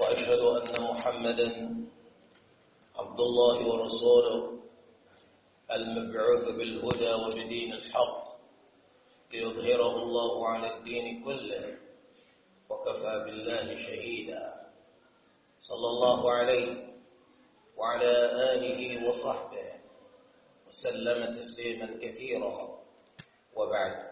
وأشهد أن محمدا عبد الله ورسوله المبعوث بالهدى وبدين الحق ليظهره الله على الدين كله وكفى بالله شهيدا صلى الله عليه وعلى آله وصحبه وسلم تسليما كثيرا وبعد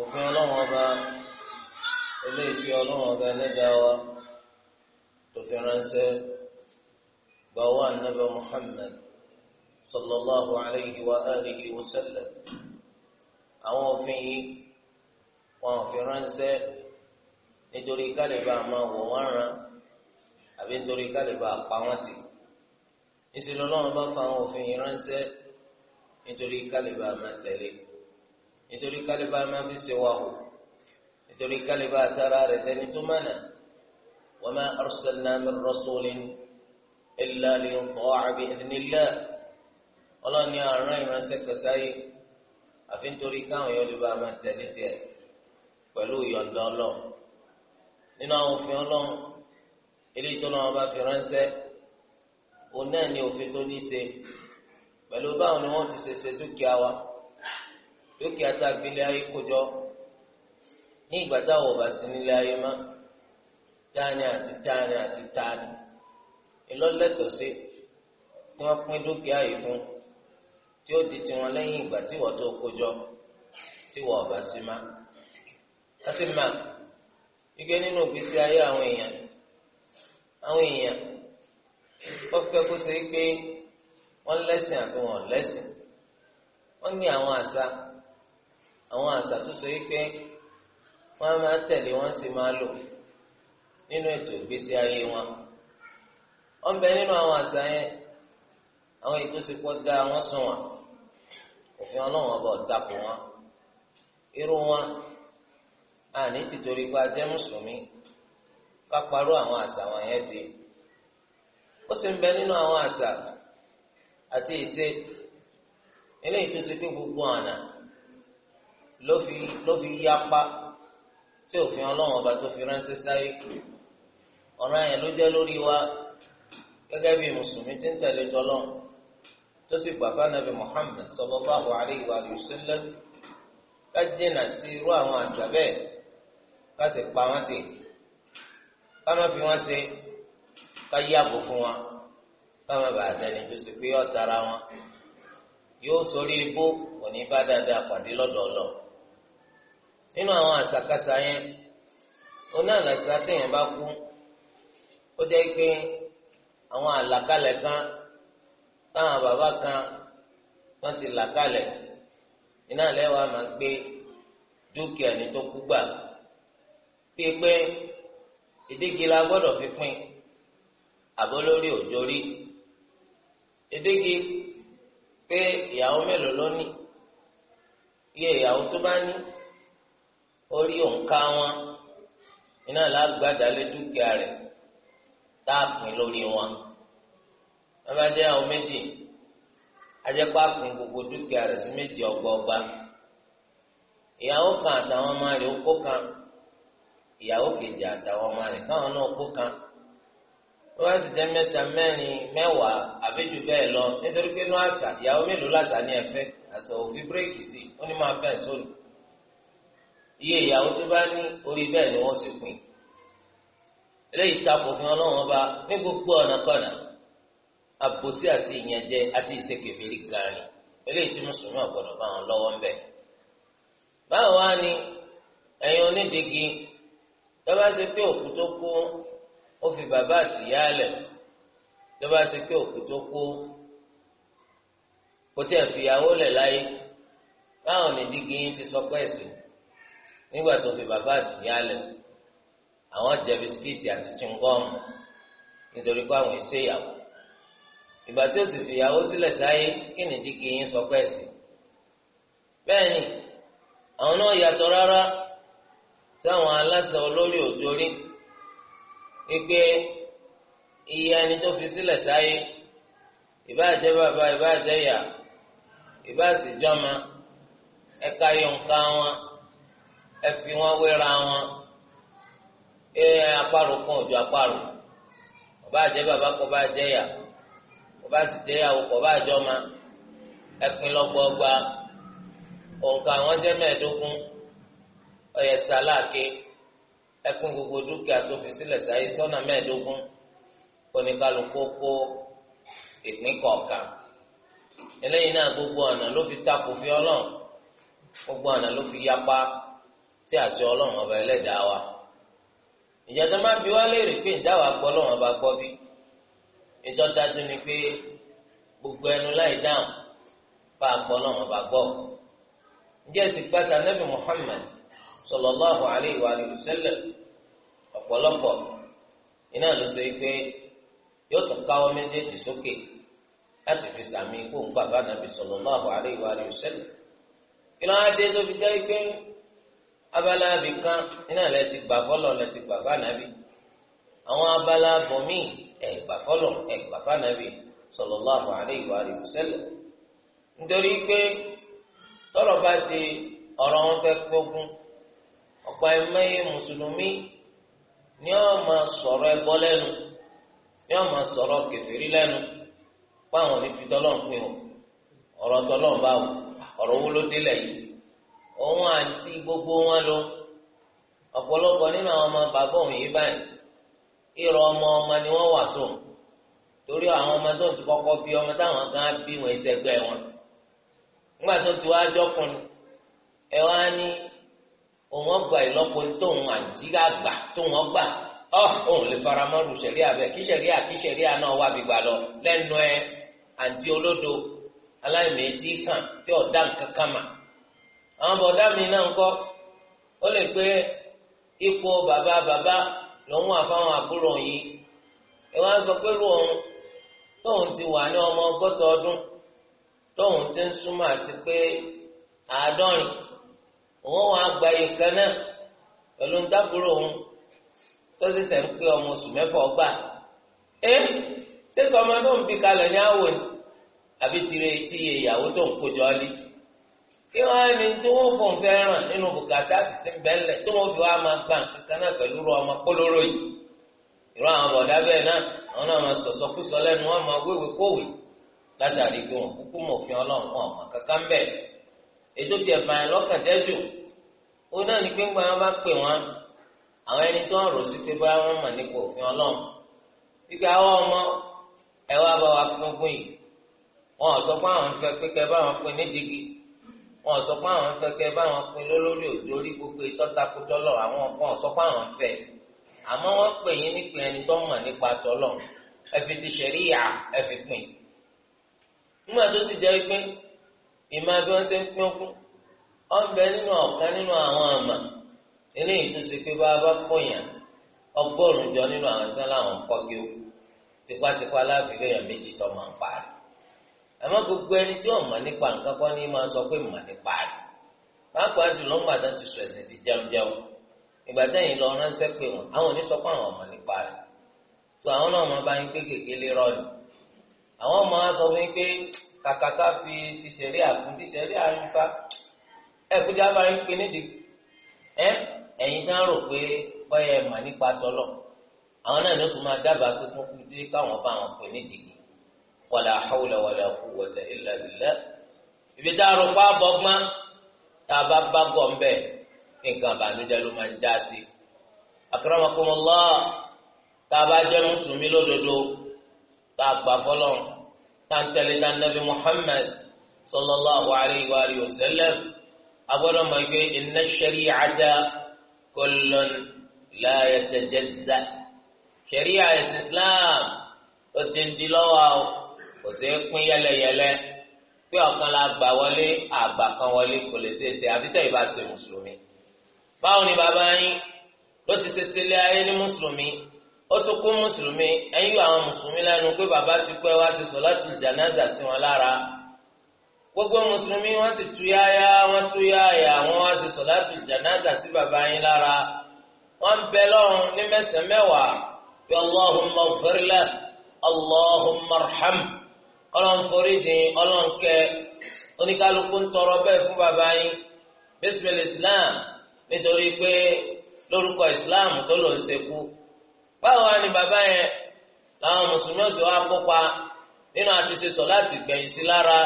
òfin ọlọ́run ọba eléyìí tí ọlọ́run ọba ẹlẹ́dàá wa tó fi ránṣẹ́ bàwọ́ ànábẹ́ Muhammad sallallahu alayhi wa alihi wa sallam àwọn òfin yìí wọn fi ránṣẹ́ nítorí kálíbà máa wò wọ́n rán àbí nítorí kálíbà pa wọ́n tì níṣẹ́ lọ́lọ́run bá fa àwọn òfin yìí ránṣẹ́ nítorí kálíbà máa tẹ̀lé nítorí kálíbà máa fi ṣe wà o nítorí kálíbà tara rẹ̀ dẹni tó mánà wa ma arsalna min rasulin illa liyuta'a bi idhnillah ọlọ́ni àrùn ìránṣẹ́ kẹsàáyé àfi nítorí káwọn yóò lè bá máa tẹ̀lé tiẹ̀ pẹ̀lú ìyọ̀ǹda ọlọ́run nínú àwọn òfin ọlọ́run eléyìí tó lọ́wọ́ bá fi ránṣẹ́ òun náà ni òfin tó ní í ṣe pẹ̀lú báwọn ni wọ́n ti ṣe ṣe dúkìá wa dúkìá tá a gbélé ayé kójọ ní ìgbà táwọn ọba sí nílé ayé má tání àti tání àti tání ìlọ́lẹ́tọ̀ọ́sí tí wọ́n pín dúkìá yìí fún tí ó di tiwọn lẹ́yìn ìgbà tí wọ́n tó kójọ tí wọ́n ọba sí má láti má gbígbé nínú ìgbésí ayé àwọn èèyàn àwọn èèyàn wọ́n kó ṣe pé wọ́n lẹ́sìn àbí wọ́n lẹ́sìn wọ́n ní àwọn àṣà. àwọn àṣà tó so yìí pé wọ́n máa tẹ̀lé wọ́n sì máa lò nínú ètò ìgbésí ayé wọn wọ́n bẹ nínú àwọn àṣà yẹn àwọn ètò dá wọn sùn wọn òfin ọlọ́wọ́n ọba ọ̀dàpọ̀ wọn irú wọn àní tìtorí jẹ́ mùsùlùmí àwọn àṣà wọn yẹn ti ó sì ń bẹ nínú àwọn àṣà àti ló fi ló fi yapa tí òfin ọlọ́run ọba tó fi ránṣẹ́ sáyé ọ̀ràn yẹn ló jẹ́ lórí wa gẹ́gẹ́ bí mùsùlùmí ti ń tẹ̀lé tọ́lọ́run tó sì gbà fánàbí Muhammad sallallahu alaihi wa sallam ká jìnnà sí irú àwọn àṣà bẹ́ẹ̀ ká sì pa wọ́n ti ká má fi wọ́n ṣe ká yàgò fún wọn ká má bàa dẹni tó sì pé ọ̀tara wọn yóò sórí ibú òní bá dáadáa pàdé lọ́dọọlọ́ọ̀ nínú àwọn àṣàkáṣà yẹn oní àlàṣà téèyàn bá kú ó jẹ́ pé àwọn àlàkalẹ̀ kan táwọn bàbá kan wọ́n ti là kalẹ̀ iná lẹ́wàá máa gbé dúkìá ní tó kú gbà pípẹ́ ìdígi la gbọ́dọ̀ fi pín àbó lórí òjò rí ìdígi pé ìyàwó mélòó ló ní iye ìyàwó tó bá ní. orí òǹkà wọn iná làgbàdàlẹ dúkìá rẹ̀ tá lórí wọn wọn àwọn méjì gbogbo dúkìá rẹ̀ sí méjì ọgbọọgba ìyàwó kan àtàwọn ọmọ okó kan ìyàwó kejì àtàwọn ọmọ rẹ̀ káwọn náà okó kan sì mẹ́ta mẹ́rin mẹ́wàá bẹ́ẹ̀ lọ nítorí pé àṣà ìyàwó mélòó àṣà òfin bírèkì sí ó iye ìyàwó tó bá ní orí bẹ́ẹ̀ ni wọ́n sì pín eléyìí takò fún ọlọ́run ọba ní gbogbo ọ̀nà kọ̀nà àbòsí àti ìyànjẹ àti ìṣekèfèrí gani eléyìí tí mùsùlùmí ọ̀gbọ́dọ̀ bá wọn lọ́wọ́ ń bẹ̀. báwo wá ni ẹ̀yin onídìgí tó bá ṣe pé òkú tó kú ó fi bàbá àtìyá lẹ̀ tó bá ṣe pé òkú tó kú kò tí ẹ̀ fìyàwó lẹ̀ láyé báwọn onídìgí ti sọ pé ẹ̀sìn nígbà tó fi bàbá àtìyá lẹ àwọn jẹ bisikíìtì àti chingọ́ọ̀mù nítorí pé àwọn èsè ìyàwó ìgbà tí ó sì fi ìyàwó sílẹ̀ sáyé kí nìdí kí yín sọ pẹ́ẹ́ sí bẹ́ẹ̀ ni àwọn náà yàtọ̀ rárá sáwọn aláṣẹ olórí òjòrí gbígbé iye ẹni tó fi sílẹ̀ sáyé ìbáà jẹ́ bàbá ìbáà jẹ́ ìyá ìbáà sì jọ́ma ẹ̀ka yọ̀ǹka wọn ẹ fi wọn wéra wọn ẹ apárò kan òjò apárò ọba àjẹ bàbá kọ bá jẹ yà ọba sì jẹ yàwó kọ bá jọ ma ẹ pin lọ́gbọọgba òǹkà wọn jẹ mẹ́ẹ̀ẹ́dógún ọyẹ sàláàkè ẹ pin gbogbo dúkìá tó fi sílẹ̀ sáyé sọ́nà mẹ́ẹ̀ẹ́dógún oníkàlùkù kó ìpín kọ̀ọ̀kan eléyìí náà gbogbo ọ̀nà ló fi takò fi ọlọ́run gbogbo ọ̀nà ló fi yapa sí àṣẹ ọlọ́run ọba ẹlẹ́dàá wa ìjọba máa bí wá léèrè pé gbọ́ ọlọ́run ọba gbọ́ bí ìjọ dájú ni pé gbogbo ẹnu láì dáhùn bá a gbọ́ ọlọ́run ọba gbọ́ ǹjẹ́ sì gbàtà nẹ́bí Muhammad sallallahu alayhi wa sallam ọ̀pọ̀lọpọ̀ iná ló ṣe pé yóò tún káwọ́ méjèèjì sókè láti fi sàmì ikú ń bàbá nàbì kí ló tó fi jẹ́ abala abìkan iná lẹ ti gbà fọlọ lẹ ti gbà fànàbì àwọn abala bòmíì ẹ gbà fọlọ ẹ gbà fànàbì sallallahu alaihi wa alihi tọrọ bá di ọrọ wọn fẹ́ gbógun ọ̀pọ̀ ẹmẹyẹ mùsùlùmí ni wọn máa sọrọ ẹbọ lẹnu ni wọn máa kẹfìrí ọ tọlọ òun àti gbogbo wọn lọ ọ̀pọ̀lọpọ̀ nínú àwọn ọmọ bàbá òun yìí báyìí ìrọ̀ ọmọ ọmọ ni wọ́n wà sóun torí àwọn ọmọ tó ń ti kọ́kọ́ bí ọmọ táwọn kan bí wọn ìṣẹ́gbẹ́ wọn nígbà tó ti wá jọkùnrin ẹ wá ní òun ọgbà ìlọ́po tóun àti àgbà tóun ọgbà ọ òun lè kí kí àwọn bọ̀dá mi náà ń kọ́ ó lè pé ipò bàbá bàbá lòun wà fáwọn àbúrò yìí ìwọ́n á sọ pé lu òun tóun ti wà ní ọmọ ọgọ́ta ọdún tóun ti ń súnmọ́ àti pé àádọ́rin òun wà gba ìkan náà pẹ̀lú ń dábúrò òun tó sì ń pé ọmọ oṣù mẹ́fà ọgbà ẹ́ ṣé tọmọ tó ń bí kalẹ̀ ní àwò àbí tirẹ̀ tí iye ìyàwó tó ń kó jọ kí wọ́n á ní tí wọ́n fòun fẹ́ràn nínú bùkátà títí bẹ́ẹ̀lẹ̀ tí wọ́n fi wá máa gbà kankan náà pẹ̀lú ọmọ kólóró yìí irú àwọn bọ̀dá bẹ́ẹ̀ náà àwọn náà máa sọ̀sọ̀ kúsọ lẹ́nu wọn máa wéwè kówè látàrí pé wọn kúkú mọ̀ fi ọlọ́run wọn ọmọ kankan bẹ́ẹ̀ ètò tiẹ̀ báyìí lọ́kàn jẹ́jù ó náà ní pé wọn bá pè wọn àwọn ẹni rò sí pé wọn wọn sọ pé àwọn fẹkẹ báwọn pin lólórí òdórí gbogbo ìtọ́takùtọ́ lọ àwọn wọn sọ pé àwọn fẹ àmọ́ wọ́n pè yín ní pin ẹni tó mọ̀ nípa tọ́lọ̀ ẹ fi ti ṣẹ̀rí yà ẹ fi pin nígbà tó sì jẹ́ pé ìmọ̀ bí wọ́n ṣe ń pín okùn ọ̀bẹ nínú ọ̀kan nínú àwọn àmà eléyìí tó ṣe pé bá a bá pọ̀yàn ọgọ́rùn-ún jọ nínú àwọn tí wọ́n láwọn kọ́ gé o tipátipá láàfin lèèyàn méjì tó máa ń parí àmọ́ gbogbo ẹni tí wọn mọ̀ nípa nǹkan kan ní máa sọ pé mọ̀ nípa rẹ̀ pàápàá jùlọ ńgbà náà ti sọ ẹsìn di jẹunjẹun ìgbà tẹ̀yìn lọ ránṣẹ́ pé wọn àwọn oníṣọ pé àwọn mọ̀ nípa rẹ̀ tó àwọn náà máa bá yín pé kékeré rọlù àwọn máa sọ fún yín pé kàkàkà fi tìṣẹ̀rí àkùn tìṣẹ̀rí àyùnká ẹ̀kújá bá yín pé nídìí ẹ ẹ̀yin tá ń rò pé bọ́yẹ mọ̀ nípa tọ́lọ̀ àwọn náà ló tún máa dábàá pé kókó dé káwọn bá wọn pè nídìí wàlà hawla wàlà quwwata illa billah ibi tá a rò pa bọ́gbọ́n tá a bá bá gọ̀ ń bẹ̀ nǹkan àbànújẹ́ ló máa ń já sí akramakumullah tá a bá jẹ́ mùsùlùmí lódodo tá a gbà fọlọ́ tá a ń tẹ̀lé tá a nàbí Muhammad sallallahu alayhi wa alihi agbọ́dọ̀ máa gbé inna shari'ata kullun la yatajazza shari'a islam ó ti ń di lọ́wọ́ àwọn kò sí pín yẹlẹyẹlẹ pé ọ̀kan la gbà wọlé àgbà kan wọlé kò lè ṣe é ṣe àbítẹ̀ ìbá ti mùsùlùmí báwo ni bàbá yín ló ti ṣe sílé ayé ní mùsùlùmí ó tún kú mùsùlùmí ẹ̀yin yóò àwọn mùsùlùmí lẹ́nu pé bàbá ti pẹ́ wá ti sọ̀látù jánásà sí wọn lára gbogbo mùsùlùmí wọ́n sì tú yáyá wọ́n tú yáyà wọ́n wá ti sọ̀látù jánásà sí bàbá yín lára wọ́n bẹ lọ́run ní mẹ́sàn-án mẹ́wàá bí Allahumma ighfir Allahumma arhamhu ọlọ́run forí dín ọlọ́run kẹ oníkálukú ń tọrọ bẹ́ẹ̀ fún bàbá yín bísímìl islam nítorí pé lórúkọ islam tó ló ń ṣekú báwo wá ni bàbá yẹn làwọn mùsùlùmí ọ̀sẹ̀ wa kópa nínú àtúnṣe sọ láti gbẹ̀yìn sí lára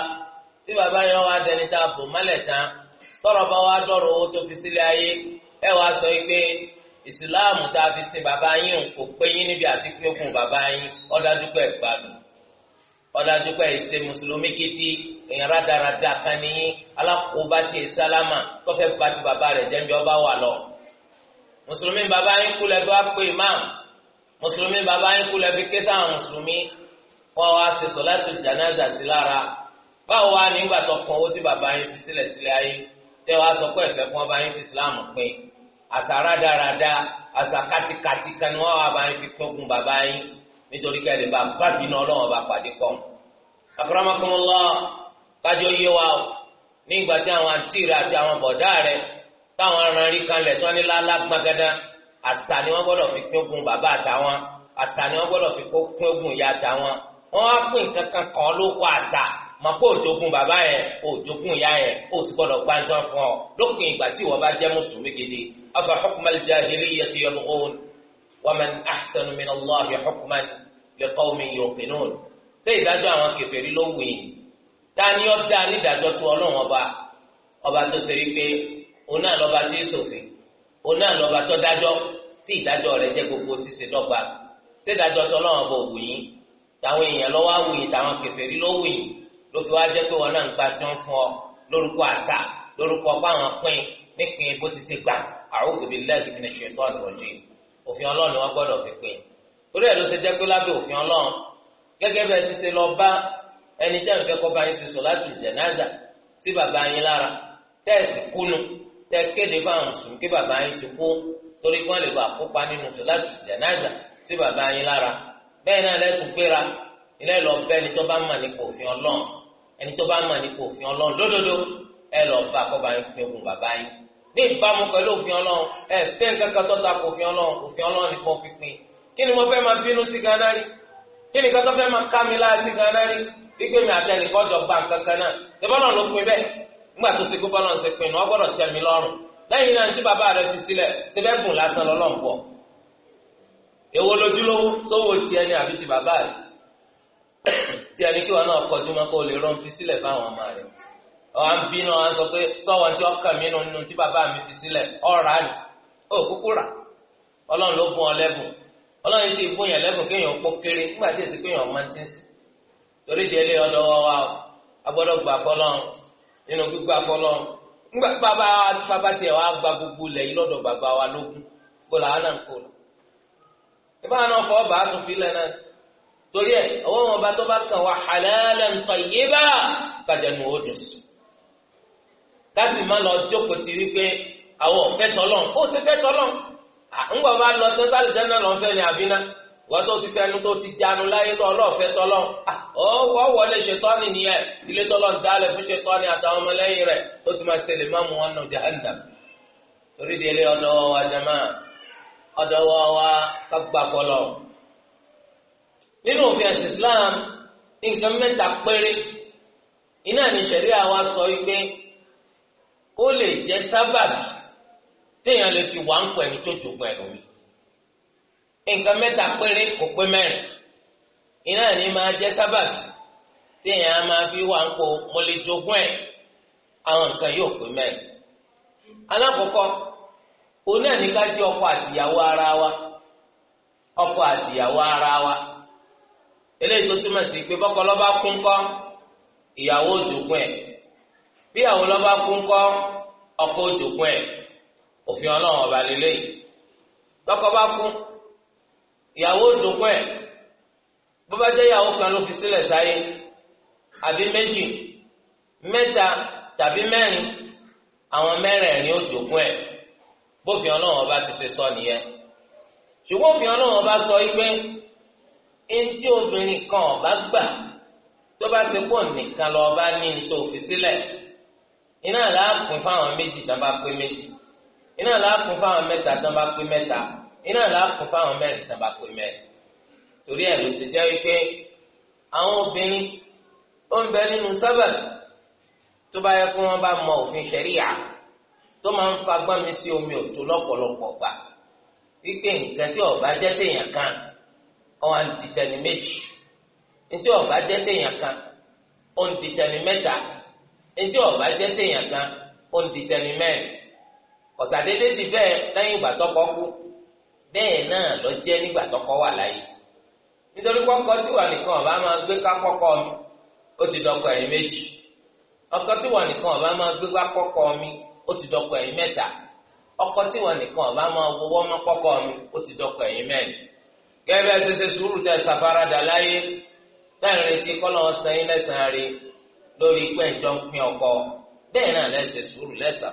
tí bàbá yẹn wá dẹni tá a bò mọ́lẹ̀ tán tọrọ bá wá dọ̀rọ̀ owó tó fi sílé ayé ẹ wàá sọ pé ìsìláàmù tá a fi sin bàbá yín kò pé yín níbi àti pé ó bàbá yín ó dájú pé ọ̀dájú pé ìṣe mùsùlùmí kìtì èèyàn rádaràda kan nìyí alákòóbá ti sálámà kọfẹ́ bá ti bàbá rẹ̀ jẹ́ bá wà lọ. mùsùlùmí bàbá yín kú lẹ́bí wá pé imam mùsùlùmí bàbá yín kú lẹ́bí ké sáwọn mùsùlùmí wọn wá ti sọ̀látù jánásà sí lára báwo wá nígbà tó kan owó tí bàbá yín fi sílẹ̀ sílẹ̀ ayé tẹ́ wàá sọ pé ẹ̀fẹ́ kí wọ́n yín fi sílámù pín àṣà rádaràda àṣà kátikáti ni wọ́n wá bá yín fi pín nítorí ká lè bá bábìnú ọlọ́wọ́n bá pàdé kọ́ ọ́n. akramakumullah kájọ yé wa o ní ìgbà tí àwọn àǹtí rẹ àti àwọn bọ̀dá rẹ táwọn aràn rí kanlẹ̀ tó ní lálá gbàgádá àṣà ni wọ́n gbọ́dọ̀ fi pín ogun bàbá àtàwọn àṣà ni wọ́n gbọ́dọ̀ fi pín ogun ìyá àtàwọn wọ́n á pín nǹkan kan kan ló kọ àṣà mọ̀ pé òjogún bàbá yẹn òjogún ìyá yẹn ó sì gbọ́dọ̀ gbáǹtán fún ọ lópin ìgbà tí ìwọ bá jẹ́ mùsùlùmí gidi afa hukmal jahiliyyati yabghun wa man ahsanu min Allahi hukman liqawmin yuqinun ṣé ìdájọ́ àwọn kèfèrí ló wù yín dání ọ̀dà nídàjọ́ tó ọlọ́run ọba ọba tó ṣe wípé òun náà lọ́ba tí ì ṣòfin òun náà lọ́ba tó dájọ́ tí ìdájọ́ rẹ̀ jẹ́ gbogbo ṣíṣe dọ́gba ṣé ìdájọ́ tó ọlọ́run ọba òwù yín táwọn èèyàn lọ́wọ́ àwù yín táwọn kèfèrí ló wù yín ló fi wá jẹ́ pé wọn náà ń gba tí wọ́n fún ọ lórúkọ àṣà lórúkọ páwọn pín nípìn bó ti ṣe gbà a'udhu billahi minash shaitanir rajim òfin ọlọ́run wọn gbọ́dọ̀ fi pín torí ẹ̀ ló ṣe jẹ́ pé lábẹ́ òfin ọlọ́run gẹ́gẹ́ bẹ́ẹ̀ ti ṣe lọ bá ẹni tẹ́ ń fẹ́ kọ́ bá yín ṣe sọ̀látù jánásà sí bàbá yín lára tẹ́ẹ̀sì kúnu tẹ́ kéde fáwọn mùsùlùmí kí bàbá yín ti kú torí kí wọ́n lè bá kópa nínú sọ̀látù jánásà sí bàbá yín lára bẹ́ẹ̀ náà lẹ́tù gbéra ilé lọ bẹ́ ẹni tó bá mà nípa òfin ọlọ́run ẹni tó bá mà nípa òfin ọlọ́run lódodo ẹ lọ bá kọ́ yín fẹ́ gun bàbá yín ní ìbámu pẹ̀lú òfin ọlọ́run ẹ fẹ́ nǹkan tó ta kò òfin ọlọ́run òfin ọlọ́run nìkan fi pin kí ni mo fẹ́ máa bínú sí ganan rí kí ni kátó fẹ́ máa ká mi láà sí ganan rí wípé mi àti ẹnìkan jọ gba nǹkan kan náà ló pin bẹ́ẹ̀ nígbà tó ṣe kó ṣe pinnu gbọ́dọ̀ lọ́rùn lẹ́yìn náà tí bàbá rẹ fi sílẹ̀ ṣe gùn lásán pọ̀ èwo sówó tiẹ̀ àbí ti bàbá rẹ tiẹ̀ kí wọn náà kọjú mọ́ kó lè fi sílẹ̀ ọmọ rẹ sọ pé sọ́wọ́n tí ọkàn mi nínú tí mi fi sílẹ̀ ọ̀rá ni ó ọlọ́run sì fún yàn lẹ́bùn kéèyàn pọ́ kéré nígbà tí èsì kéèyàn máa ti ń sìn torí di ẹlẹ́yìn ọ̀dọ́ wa wa agbọ́dọ̀ gbà fọlọ́run nínú gbígbà fọlọ́run nígbà bàbá bàbá tiẹ̀ wá gba gbogbo lẹ̀ yìí lọ́dọ̀ bàbá wa lógún kó kó lọ. ìbá náà torí ẹ̀ ọwọ́ wọn bá tó bá kàn wá ó dùn láti má lọ jókòó ti wípé àwọn ńgbà bá lọ tán sálì jẹ́nà lọ́n ni àbínà wọ́n tó ti fẹnu tó ti jánu láyé tó ọlọ́ọ̀fẹ́ tọ́lọ́ ọwọ́ wọlé ṣètọ́ni nìyẹn ilé tọ́lọ́ ń dálẹ̀ fún ṣètọ́ni àtàwọn ọmọlẹ́yìn rẹ̀ tó ti máa ṣẹlẹ̀ máa mú wọn nù jahannam torí délé wa jama ọ̀dọ̀ wa kagbà nínú òfin wa sọ wípé ó lè jẹ́ sábàbí téèyàn lè fi wà ń pọ̀ ẹni tó jogún ẹlòmíì nǹkan mẹ́ta péré kò pé mẹ́rin iná ní máa jẹ́ sábàbí téèyàn á máa fi wà ń pọ̀ mo lè jogún àwọn yóò pé mẹ́rin alákọ̀ọ́kọ́ òun náà ní ká ọkọ àtìyàwó ara wa ọkọ àtìyàwó ara wa eléyìí tó lọ́ba kún kọ́ ìyàwó òjògùn òfin ọlọ́run ọba lélẹ́yìí lọ́kọ bá kú ìyàwó òdùnkún ẹ̀ bó bá jẹ́ ìyàwó kan ló fi sílẹ̀ sáyé àbí méjì mẹ́ta tàbí mẹ́rin àwọn mẹ́rẹ̀ẹ̀rin òdùnkún ẹ̀ bófin ọlọ́run ọba ti ṣe sọ nìyẹn ṣùgbọ́n òfin ọlọ́run ọba sọ wípé ẹni tí obìnrin kan ọba gbà tó bá ṣe pọ̀ nìkan lọ́ọ́ bá ní ní tó fi sílẹ̀ iná làákùn fáwọn méjì tá bá pé méjì iná làákùn fáwọn mẹ́ta tán bá pé mẹ́ta iná làákùn fáwọn mẹ́rin tán bá pé mẹ́rin torí ẹ̀ ló ṣe jẹ́ wípé àwọn obìnrin ó ń bẹ nínú sábàbí tó bá yẹ kó wọn bá mọ òfin ṣẹríà tó máa ń fagbọ́n mi sí omi òtó lọ́pọ̀lọpọ̀ gbà wípé nǹkan tí ọba jẹ́ téèyàn kan ọ̀hún à méjì ntí ọba jẹ́ téèyàn kan ó ń mẹ́ta ntí ọba jẹ́ téèyàn kan ó ń mẹ́rin ọ̀sàdédé dị bẹ́ẹ̀ lẹ́yìn ìgbà bẹ́ẹ̀ náà lọ jẹ́ nígbà tọkọ wà láyé nítorí kọ́kọ́ tí wà nìkan ọba máa gbé kọ́kọ́ mi ó ti dọ́kọ ẹ̀yìn méjì ọkọ tí wà nìkan ọba máa gbé kọ́kọ́ mi ó ti dọ́kọ ẹ̀yìn mẹ́ta ọkọ tí wà nìkan ọba máa wọwọ́ mọ́ kọ́kọ́ mi ó ti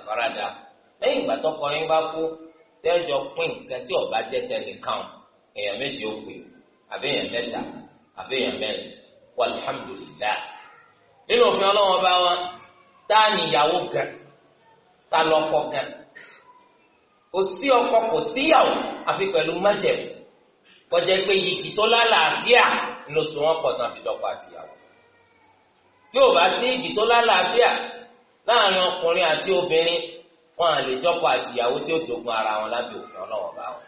ẹ̀yìn lẹ́yìn ìgbà tọ́kọ yín bá kú tẹ́jọ pín nǹkan tí ọba jẹ́ tẹnìkan èèyàn méje ó pè àbí èèyàn mẹ́ta àbí èèyàn mẹ́rin walhamdulillah nínú òfin ọlọ́wọ́n bá wa tá a níyàwó gan tá a lọ́kọ gan kò sí ọkọ kò síyàwó àfi pẹ̀lú májẹ̀mú kọjá pé yìí tó lálàáfíà ló sùn wọn kọ̀ tán fi àtìyàwó tí ò bá sí ìbí tó lálàáfíà láàrin ọkùnrin àti obìnrin wọn à lè jọkọ àtìyàwó tí ó dogun ara wọn lábẹ́ òfin Ọlọ́run bá wọn.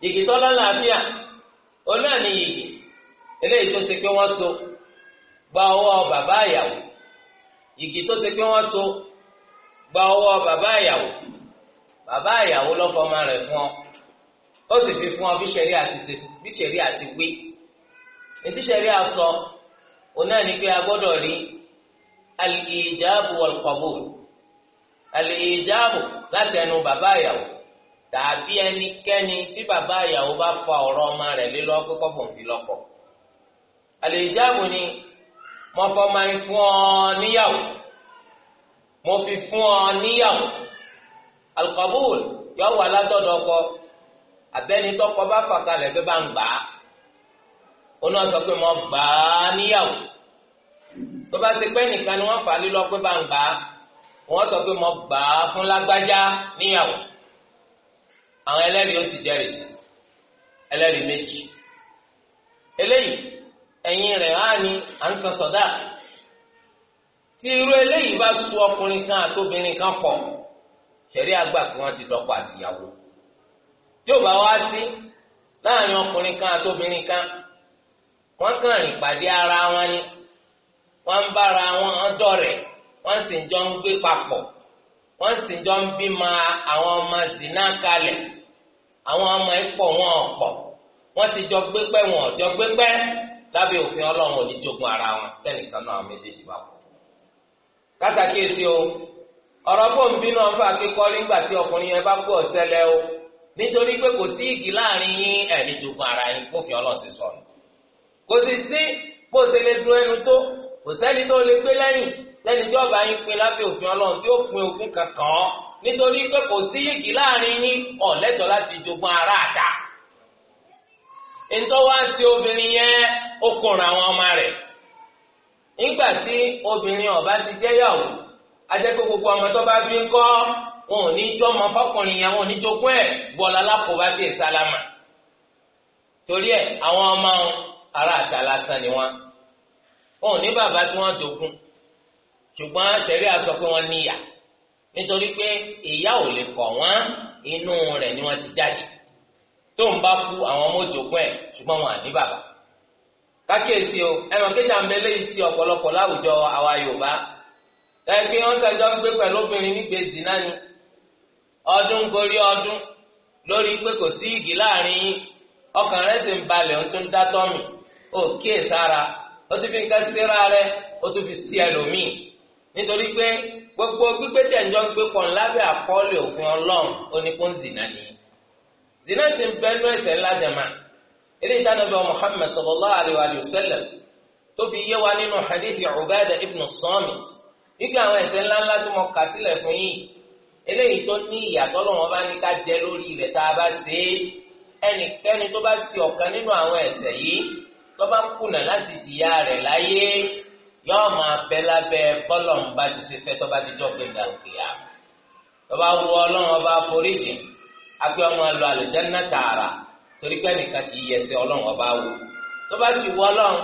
yìgì tọ́lá làbíà òun náà ní yìgì eléyìí tó ṣe pé wọ́n so gba ọwọ́ bàbá ìyàwó yìgì tó ṣe pé wọ́n so gba ọwọ́ bàbá ìyàwó bàbá ìyàwó lọ́fọ̀ọ́mọ rẹ̀ fún ọ ó sì fi fún ọ bí ṣẹ̀rí àti ṣe bí ṣẹ̀rí àti wí ètí ṣẹ̀rí àsọ òun náà ní pé a gbọ́dọ̀ rí al-ijabu àlè ìjáàbò láti ẹnu bàbá ìyàwó tàbí ẹnikẹ́ni tí bàbá ìyàwó bá fa ọ̀rọ̀ ọmọ rẹ̀ lé lọ pé fi lọ́kọ. àlè ìjáàbò ni mo fọmọ yín fún ọ níyàwó mo fi fún ọ níyàwó alukabul yọ wà látọ̀dọ̀ ọkọ abẹ́nitọ́kọ bá fàkalẹ̀ pé bá ń gbà á oní ọ̀sọ̀ pé mo gbà á níyàwó tó bá ti pẹ́ nìkan ni wọ́n fà á lílọ pé bá ń gbà á wọ́n sọ pé mo gbà á fún lágbájá níyàwó àwọn ẹlẹ́rìí ó sì jẹ́rìí sí ẹlẹ́rìí méjì eléyìí ẹ̀yìn rẹ̀ á ní à ń san sọ̀dá tí irú eléyìí bá sú ọkùnrin kan àtòbìnrin kan pọ̀ ṣẹ̀rí àgbà kí wọ́n ti dọ́pọ̀ àtìyàwó yóò bá wá sí láàrin ọkùnrin kan àtòbìnrin kan wọ́n kàn rìn pàdé ara wọn ni wọ́n ń bára wọn dọ̀rẹ́ wọ́n sì ń jọ ń gbé papọ̀ wọ́n sì ń jọ ń bímọ àwọn ọmọ zina kalẹ̀ àwọn ọmọ ipò wọn ọ̀pọ̀ wọ́n ti jọ gbé pẹ́ wọn jọ gbé pẹ́ lábẹ́ òfin ọlọ́run ò ní jogún ara wọn tẹ́nìkan náà méjèèjì bá pọ̀. kátàkì èsì o ọ̀rọ̀ bò ń bínú ọ̀fà kíkọ́ nígbà tí ọkùnrin yẹn bá kú ọ̀sẹ̀lẹ̀ o nítorí pé kò sí igi láàrin yín ẹ̀rí jogún ara yín kófin ọlọ́run sì sọ̀rọ̀ kò sì sí bó ṣe lè dúró ẹnu tó kò sẹ́ni tó lè gbé lẹ́yìn lẹ́ni tí ọba yín pin lábẹ́ òfin ọlọ́run tí ó pin ogún kankan ọ́ nítorí pé kò sí yìgì láàrin yín ọ̀lẹ́tọ̀ láti jogún ara àdá. ìtọ́wá ti obìnrin yẹn ó kùnra àwọn ọmọ rẹ̀. nígbà tí obìnrin ọba ti jẹ́yàwó ajẹ́pẹ́ gbogbo ọmọ tó bá bí ń kọ́ wọn ò ní jọmọ fọkùnrin yẹn wọn ò ní jogún ẹ̀ bọ́ọ̀lá lákòóbá sí ìsálámà. torí ẹ̀ àwọn ọmọ ara àtàlásán ni wọn wọn ò ní bàbá tí wọ́n jogún ṣùgbọ́n ṣẹ̀rí àsọ pé wọ́n níyà nítorí pé ìyá ò lè kọ̀ wọ́n inú rẹ̀ ni wọ́n ti jáde tó ń bá kú àwọn ọmọ òjòkú ẹ̀ ṣùgbọ́n wọn à ní bàbá kákèsí o ẹ̀wọ̀n kéjà ń bẹ léyìí sí ọ̀pọ̀lọpọ̀ láwùjọ àwa Yorùbá ẹ̀ pé wọ́n kẹjọ ń gbé pẹ̀lú obìnrin nígbè zina ni ọdún gorí ọdún lórí pé kò sí igi láàrin yín ọkàn rẹ̀ sì ń balẹ̀ ó tún dá tọ́mì ó kíyèsára ó tún fi ń kẹ́síra rẹ̀ ó tún fi sí ẹlòmíì nítorí pé gbogbo gbígbé tẹ̀njọ́ ń gbé pọ̀ lábẹ́ àkọọ́lẹ̀ òfin ọlọ́run oníkún zina ni zina sì ń bẹnu ẹ̀ṣẹ̀ ńlá jama ilé ìtànàbẹ̀ Muhammad sallallahu alayhi wa sallam tó fi yé wa nínú hadithi Ubadah ibn Samit nígbà àwọn ẹ̀ṣẹ̀ ńláńlá tí mo kà sílẹ̀ fún yìí eléyìí tó ní ìyàtọ̀ lọ́wọ́ bá ní ká jẹ lórí rẹ̀ tá a bá ṣe é ẹnikẹ́ni tó bá ṣe ọ̀kan nínú àwọn ẹ̀ṣẹ̀ yìí tó bá kùnà láti jìyà rẹ̀ láyé yọọ máa bẹ lábẹ́ bọlọ ń bá ti ṣe fẹ́ tó bá ti jọ pé dàgbéyà tó bá wù Ọlọ́run ọba foríjì àfi ọmọ lọ àlùjáná tààrà torí pé nìkan kì í yẹsẹ Ọlọ́run ọba wù tó bá sì wù Ọlọ́run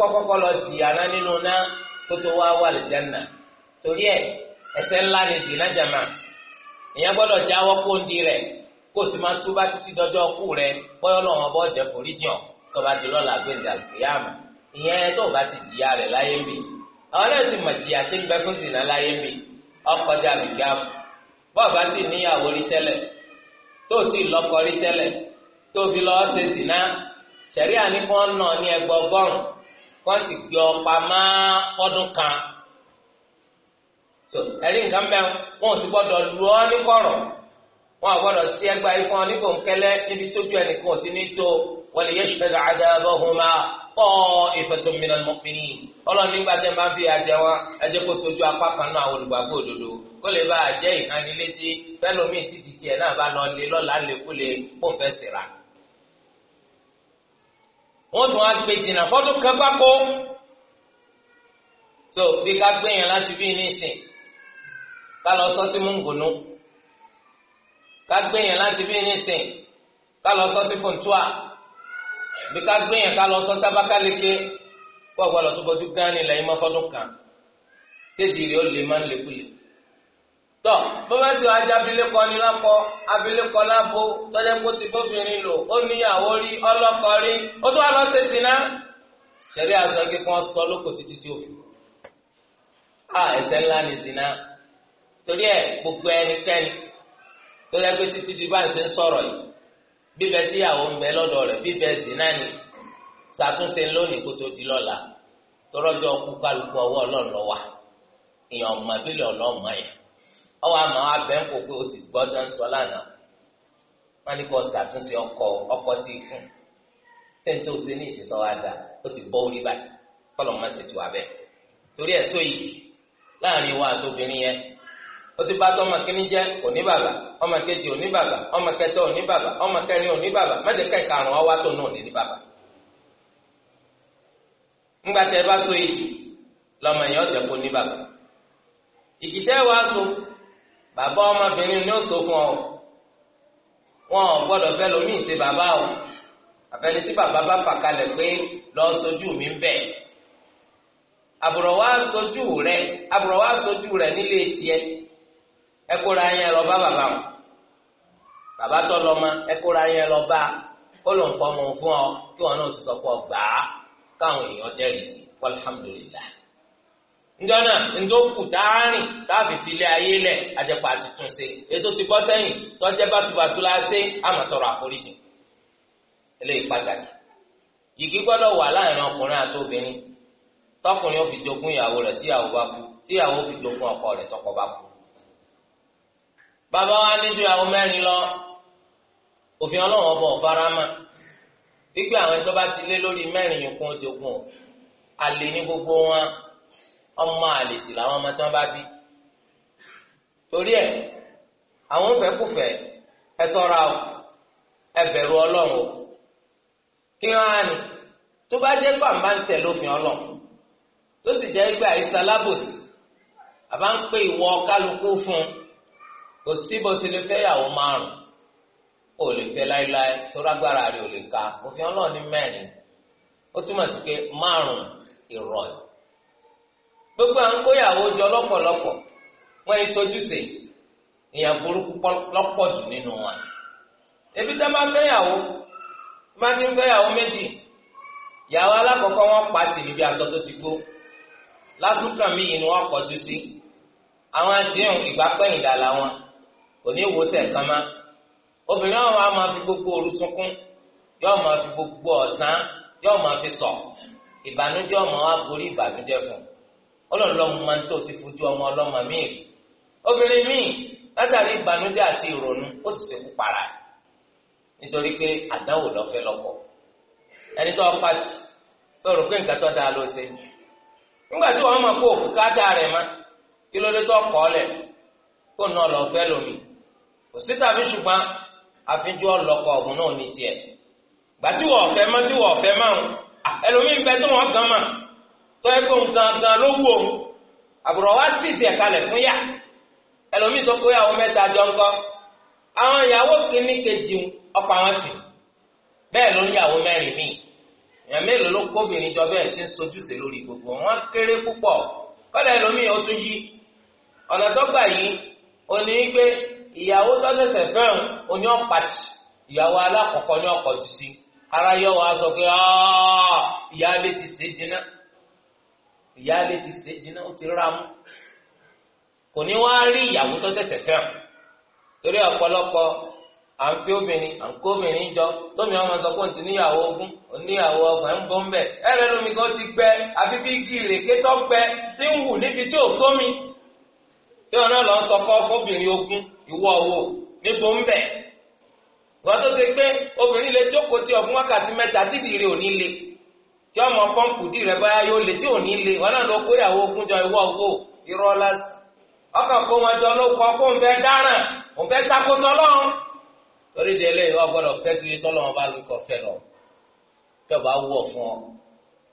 kọkọkọ lọ jìyà náà nínú náà kó tó wá wà àlùjáná torí ẹ ẹ̀ṣẹ̀ ńlá ni zina jama èèyàn gbọ́dọ̀ jáwọ́ kóńdì rẹ kó o sì máa túbá títí dọjọ́ kú rẹ bọyọ lọ́run ọba ọjẹ foríjì ọ tó bá di lọ́la gbẹndàgbéyàmù. ìyẹn tó o bá ti jìyà rẹ̀ láyé ń àwọn náà sì mọ̀ jìyà tí ń bẹ fún zìnà láyé ń bì ọkọjá àbígáàmù bọ́ọ̀ bá ti níyàwó rí tẹ́lẹ̀ tó ti lọ́kọ rí tẹ́lẹ̀ tó fi lọ́ọ́ ṣe zìnà ṣẹ̀rí àníkàn nà ní kan ẹ̀rí nǹkan bẹ́ẹ̀ wọn ò sì gbọ́dọ̀ lu ọ́ ò gbọ́dọ̀ sí ifọ̀ ta'ifatun minal mu'minin ọlọ́run nígbà tẹ́ máa ń fi àjẹ wọn ẹjẹ́ kó sojú apá kan náà àwọn olùgbàgbọ́ òdodo kó lè bá àjẹ́ ìhánilétí fẹ́lómìn títí tiẹ̀ náà bá lọ lé lọ́la lékúlé pòǹfẹ́ síra. wọ́n tún á gbé jìnnà fọ́dún kan gbáko so bí ká gbẹ̀yìn láti bí nísìn ká lọ sọ sí múngùnú ká gbẹ̀yìn láti bí nísìn ká lọ sọ sí fòǹtúà bí ká gbé yẹn ká lọ sọ sábàkálẹ̀kẹ́ kó àgbàlọ̀ tó bọ́jú gánni lẹ́yìn mọ́fọ́dún kan tètè rè ó lè má lékulè. tọ́ bọ́bá tí wàá jẹ́ abilékọ ni lápọ̀ abilékọ lábo tọ́jà kó ti bóbìnrin lò ó níyàwó rí ọlọ́kọ rí ó tún wà lọ sí ìsìná. sẹ̀rí aṣọ ike kan sọ lóko títí tí ó fi. a ẹsẹ̀ ńlá ni ìsìná torí ẹ̀ gbogbo ẹnikẹ́ni tó yẹ títí di bá ṣe ń sọ̀rọ̀ yìí bíbẹ tíyàwó ń bẹ lọ́dọ̀ rẹ̀ bíbẹ zina ṣàtúnṣe lónìí kó tó di lọ́la tọrọjọ kú kálukú wa èèyàn ọmọ abẹlé ọlọmọ yẹn ọwọ́ àmọ́ abẹ ń pé o sì gbọ́dọ̀ ń sọ lánàá wọn ní kó ṣàtúnṣe ọkọ ọkọ tí fún sẹńtẹ òsè ní wa dà ó ti bọ orí báyìí kọlọ ṣètò abẹ torí ẹ láàrin wa àtòbìnrin o ti bá tọ́ ọmọ kìíní jẹ́ òní bàbá ọmọ kejì òní bàbá ọmọ kẹta òní bàbá ọmọ kẹrin òní bàbá mẹ́tẹ̀ẹ̀kẹ́ ìkarùn-ún ọwá tó náà ní bàbá. ńgbà tẹ bá so igi lọmọ yẹn ọ̀jẹ̀ kó ní bàbá. ìgì tẹ́ so bàbá ọmọbìnrin ni ó so fún ọ wọn ò lọ sojú mi bẹ sojú sojú ẹkóra yẹn lọ bá bàbá wọn bàbá tó lọ mọ ẹkóra yẹn lọ bá kó ló ń fọmọ fún ọ kí wọn náà sì sọ pé ọ gbà á káwọn èèyàn jẹ́rìí sí alhamdulillah njọ náà njọ kù táàrin táàfin filẹ ayé lẹ ajẹpọ àti túnṣe ètò ti bọ sẹ́yìn tọjẹ báṣubàṣu láṣẹ àmọtọrọ àforíjì eléyìí pàtàkì yìgì gbọ́dọ̀ wà láàrin ọkùnrin àti obìnrin tọkùnrin ó fi jogún ìyàwó rẹ̀ tíyàwó bá kú tíyàwó ó fi jogún ọkọ rẹ̀ tọkọ bá kú bàbá wa ní ju àwọn mẹ́rin lọ òfin ọlọ́run ọba ọ̀farama gbígbé àwọn ẹjọ́ bá ti lé lórí mẹ́rin ìkún ojogun àlè ní gbogbo wọn ọmọ àlè sì làwọn ọmọ tí wọ́n bá bí torí ẹ̀ àwọn òfẹ́kùfẹ́ ẹ ṣọ́ra o ẹ bẹ̀rù ọlọ́run o kí wọ́n á ní tó bá jẹ́ pàm bá ń tẹ̀ lófin ọlọ́run tó sì jẹ́ pé àìsàn alábòsí àbá ń pè ìwọ kálukú fún un kò sí bó ṣe lè fẹ́ ìyàwó márùn ó lè fẹ́ láéláé tó lágbára rẹ̀ ò lè ka òfin ọlọ́ọ̀ni mẹ́rin ó túmọ̀ sí pé márùn ìrọ̀ gbogbo à ń kóyàwó jọ lọ́pọ̀lọpọ̀ wọ́n yẹ sojúṣe èèyàn burúkú lọ́pọ̀ jù nínú wọn ebi tá a máa fẹ́yàwó bá ti ń fẹ́yàwó méjì yàwó alákọ̀ọ́kọ́ wọn pàtì níbi aṣọ tó ti gbó lásùnkàn míì ni wọ́n kọjú sí àwọn àdéhùn ìgbàpẹ́yìndà làwọn kò ní ìwòsàn ẹ̀kan má obìnrin yóò wá máa fi gbogbo òru sunkún yóò máa fi gbogbo ọ̀sán yóò máa fi sọ ìbànújẹ́ ọmọ wa borí ìbànújẹ́ fún ọlọ́ọ̀lọ́mọ máa ń tó ti fojú ọmọ ọlọ́mọ míì obìnrin míì látàrí ìbànújẹ́ àti ìrònú ó sì ṣekú para nítorí pé àdánwò ẹni tó ọpá tì pé nǹkan tó dáa ló ṣe nígbà tí òkú kájà kí ló dé kò sí tàbí ṣùgbọ́n àfijú ọlọ́kọ̀ ọ̀gùn náà ní tiẹ̀ gbà tí wọ́n ọ̀fẹ́ mọ́ tí wọ́n ọ̀fẹ́ mọ́ òun ẹlòmíín bẹ tó wọ́n gan mọ́ tó ẹ pé òun gangan ló wù òun àbùrọ̀ wá sì sí ẹ̀ka lẹ̀ fún yà ẹlòmíín tó kóyàwó mẹ́ta jọ ńkọ́ àwọn ìyàwó kìíní kejì ọkọ àwọn tì bẹ́ẹ̀ ló ní ìyàwó mẹ́rin míì èèyàn mélòó ló kóbìnrin jọ bẹ́ẹ̀ tí ń sojúṣe lórí gbogbo wọn kéré púpọ̀ kọ́lẹ̀ ẹlòmíín ó tún yí ọ̀nà tó gbà yìí òní pé ìyàwó tọ́sẹ̀sẹ̀ fẹ́ràn oní ọ̀pàtì ìyàwó alákọ̀ọ́kọ́ ní ọkọ̀ jù sí ara sọ pé ìyáálé ti ṣe jiná ìyáálé ti ṣe jiná ó ti rà mú kò ní wá rí ìyàwó tọ́sẹ̀sẹ̀ torí ọ̀pọ̀lọpọ̀ à ń fi obìnrin à ń kó obìnrin jọ lómi ti níyàwó ogún ti gbẹ àfi bí igi ìrèké tó gbẹ ìwọ wo níbo ń bẹ̀ wọ́n tó ṣe pé obìnrin lè jókòó tí ọ̀fun wákàtí mẹ́ta títí rẹ̀ ò ní le tí ọmọ pọ́ǹpù dì rẹ̀ báyà yóò le tí ò ní le wọn náà lọ kó ìyàwó ogun jọ ìwọ wo irọ́ lásán ọkàn kó wọn jọ ló kọ kó ń fẹ́ dáràn ń fẹ́ sakótọ́ lọ́run torí de eléyìí wọ́n gbọ́dọ̀ fẹ́ tó yẹ tọ́lọ́ wọn bá lùkọ́ fẹ́ lọ tó bá wọ̀ fún ọ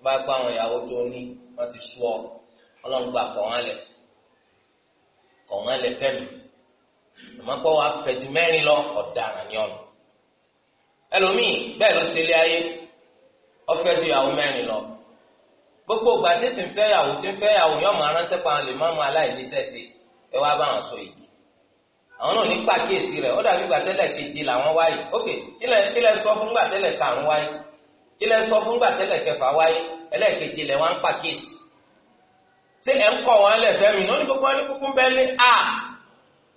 bá gbọ́ àwọn ìyàwó tó ní wọ́n ti sú ọ ọlọ́run gbà kọ̀ wọ́n lẹ̀ kọ̀ wọ́n lẹ̀ fẹ́ àmọ́pọ̀ wa fẹ̀jú mẹ́rin lọ ọ̀daràn ní ọ̀nà ẹlòmíì bẹ́ẹ̀ ló ṣe ilé ayé ọ̀fẹ́jú ìyàwó mẹ́rin lọ gbogbo ìgbà tí sì ń fẹ́ ìyàwó tí ń fẹ́ ìyàwó yóò máa ránṣẹ́ pa àwọn lè má mú aláìníṣẹ́ṣe ẹ wá bá wọn sọ yìí àwọn náà ní pàkíyèsí rẹ̀ ó dàbí gbàtẹ́lẹ̀ kejì làwọn wáyé ok kílẹ̀ sọ fún gbàtẹ́lẹ̀ karùn-ún wáyé kílẹ̀ sọ fún gbàtẹ́lẹ̀ kẹfà wáyé ẹlẹ́ẹ̀kejì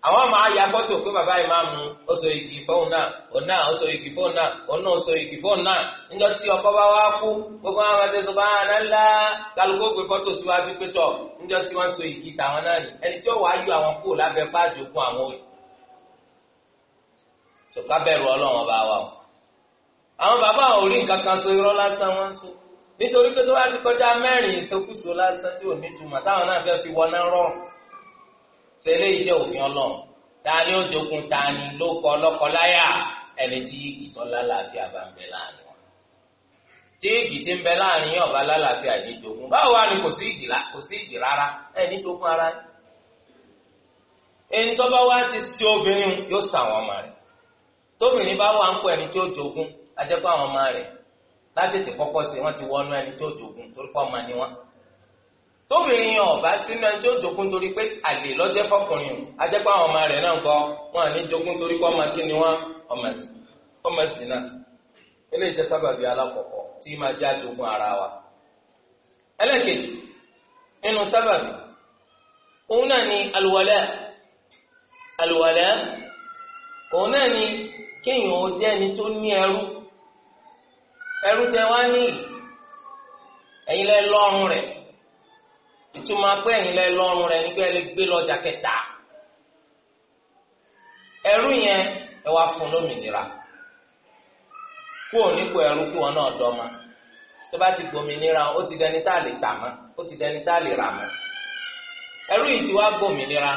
àwọn máa ya fọ́tò pé bàbá yìí máa mu ó so igi fóun náà òun náà ó so igi fóun náà òun náà ó so igi fóun náà níjọ́ tí ọkọ bá wá kú gbogbo àwọn àti ẹsùn bá hàn ńlá kálukó gbé fọ́tò síwájú pé so igi tàwọn náà nì ẹni tí ó wàá yọ àwọn kúrò lábẹ́ àwọn òye. sọ̀ká bẹ̀rù ọlọ́run bá wà o. àwọn bàbá ò rí nǹkan kan so irọ́ lásán wọ́n so nítorí pé tó wá ti kọjá mẹ́rin lásán tí ò ní tó ije jẹ́ òfin ọlọ́run ta ó ta ló kọ ọlọ́kọ láyà ẹni tí ìtọ́ lálàáfíà bá ń bẹ láàrin wọn. tí ìgì ti ń bẹ láàrin yóò bá lálàáfíà ní báwo wá ni kò sí ìgì rárá ara ni. ẹni tó bá wá ti sí obìnrin yóò sàwọn ọmọ rẹ̀ tóbìnrin bá wà ń kọ ẹni tí ó jogún ajẹ́pọ̀ àwọn ọmọ láti ti wọnú ẹni tí ó torí tóbìnrin yẹn ọba sínú ẹni tí ó jogún torí pé àlè lọ́jẹ́ fọkùnrin o ajẹ́ àwọn ọmọ rẹ̀ náà kọ́ wọn à ní jogún torí pé ọmọ kíni wọn ọmọ sí náà eléyìí jẹ́ sábàbí tí ma jẹ́ àjogún ara wa. ẹlẹ́kejì nínú sábàbí òun náà ni òun náà ni kéèyàn ó jẹ́ ẹni tó ní ẹrú ẹrú tẹ wá ní ìtumọ̀ ma ẹ̀yin lẹ lọ́rùn rẹ̀ nígbà ẹ lè gbé lọ́jà kẹta ẹrú yẹn ẹ wá fún lómìnira kú òníkù ẹrú kí wọn náà dọ́mọ tó bá ti gbòmìnira ó ti dẹni tá a lè tà mọ́ ó ti dẹni tá a lè rà mọ́ ẹrú yìí ti wá gbòmìnira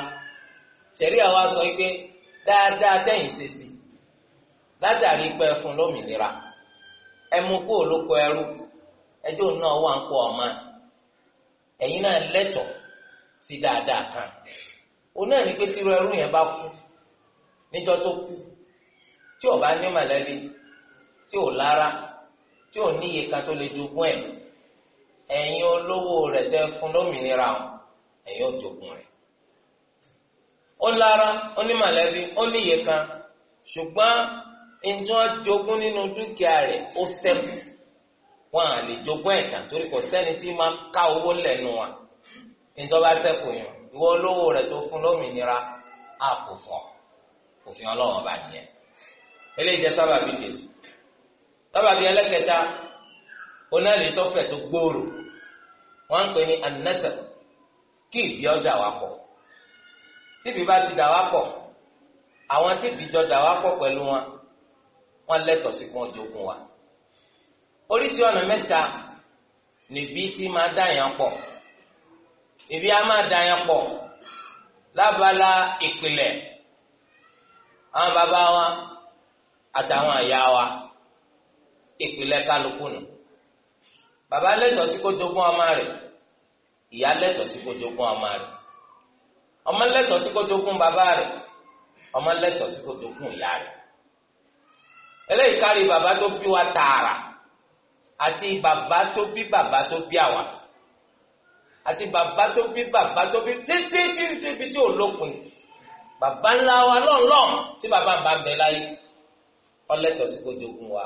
àwa sọ pé dáadáa tẹ̀yìn ṣe sí látàrí pé ẹ fún lómìnira ẹ mú kú òlóko ẹrú ẹjọ́ náà wà ẹ̀yin náà lẹ́tọ̀ọ́ sí dáadáa kan òun náà ní pé tí irú yẹn bá kú níjọ́ tó kú tí ò bá ní mọ̀lẹ́bí tí ò lára tí ò níye kan tó lè jogún ẹ̀ ẹ̀yin olówó rẹ̀ tẹ́ fún lómìnira o ẹ̀yin ò jogún rẹ̀ ó lára ó ní mọ̀lẹ́bí ó níye kan ṣùgbọ́n ìjọ jogún nínú dúkìá rẹ̀ ó ṣẹ́kù wọn à lè jogún ẹ̀tàn torí kò sẹ́ni tí máa ká owó lẹ́nu wa ìjọba sẹ́kù yàn ìwọ olówó rẹ̀ tó fún lómìnira á kò fọ́ òfin ọlọ́wọ́n bá nìyẹn eléyìí jẹ́ sábàbí kejì sábàbí ẹlẹ́kẹta onáàlè tọ́fẹ̀ tó gbòòrò wọ́n ń pè ní anẹ́sẹ̀ kí ìbí ọ̀dà wa pọ̀ tíbi bá ti dà wá pọ̀ àwọn tíbi jọ dà wá pọ̀ pẹ̀lú wọn wọ́n lẹ́tọ̀ọ́ sí fún ọjọ́ ogun wa oríṣi ọ̀nà mẹ́ta níbi tí máa dá yàn pọ̀ ibi a máa dá yàn pọ̀ lábala ìpìlẹ̀ àwọn bàbá wa àtàwọn àyà wa ìpìlẹ̀ kálukú nù bàbá lẹ́tọ̀ọ́ sí kó jogún ọmọ rẹ̀ ìyá lẹ́tọ̀ọ́ sí kó ọmọ rẹ̀ ọmọ lẹ́tọ̀ọ́ sí kó bàbá rẹ̀ ọmọ lẹ́tọ̀ọ́ sí kó ìyá rẹ̀ eléyìí kárí bàbá tó bí wa tààrà àti bàbá tó bí bàbá tó bí àwa àti bàbá tó bí bàbá tó bí títí títí bí tí ò lópin bàbá ńlá wa lọ́nlọ́n tí bàbá bá bẹ láyé ọlẹ́tọ̀ọ́ sí kojogun wa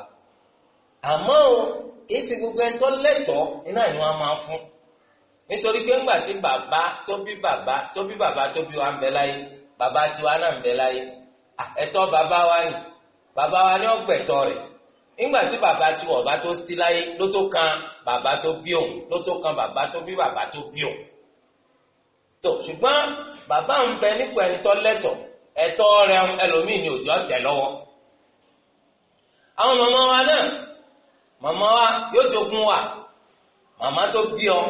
àmọ́ o èyí sì gbogbo ẹni tó lẹ́tọ̀ọ́ iná ni wọ́n máa fún nítorí pé ńgbà tí bàbá tó bí bàbá tó bí bàbá tó bí wa ń bẹ láyé bàbá tiwa náà ń bẹ láyé ẹ̀tọ́ bàbá wa ni bàbá wa ni ó rẹ̀ nígbà tí bàbá tí ọba tó sí láyé ló tó kan bàbá tó bí òun ló tó kan bàbá tó bí bàbá tó bí òun tó ṣùgbọ́n bàbá ń bẹ nípa ẹni tó lẹ́tọ̀ ẹ̀tọ́ rẹ̀ ẹlòmíì ni òjò tẹ̀ lọ́wọ́ àwọn màmá wa náà màmá wa yóò jogún wa màmá tó bí ọ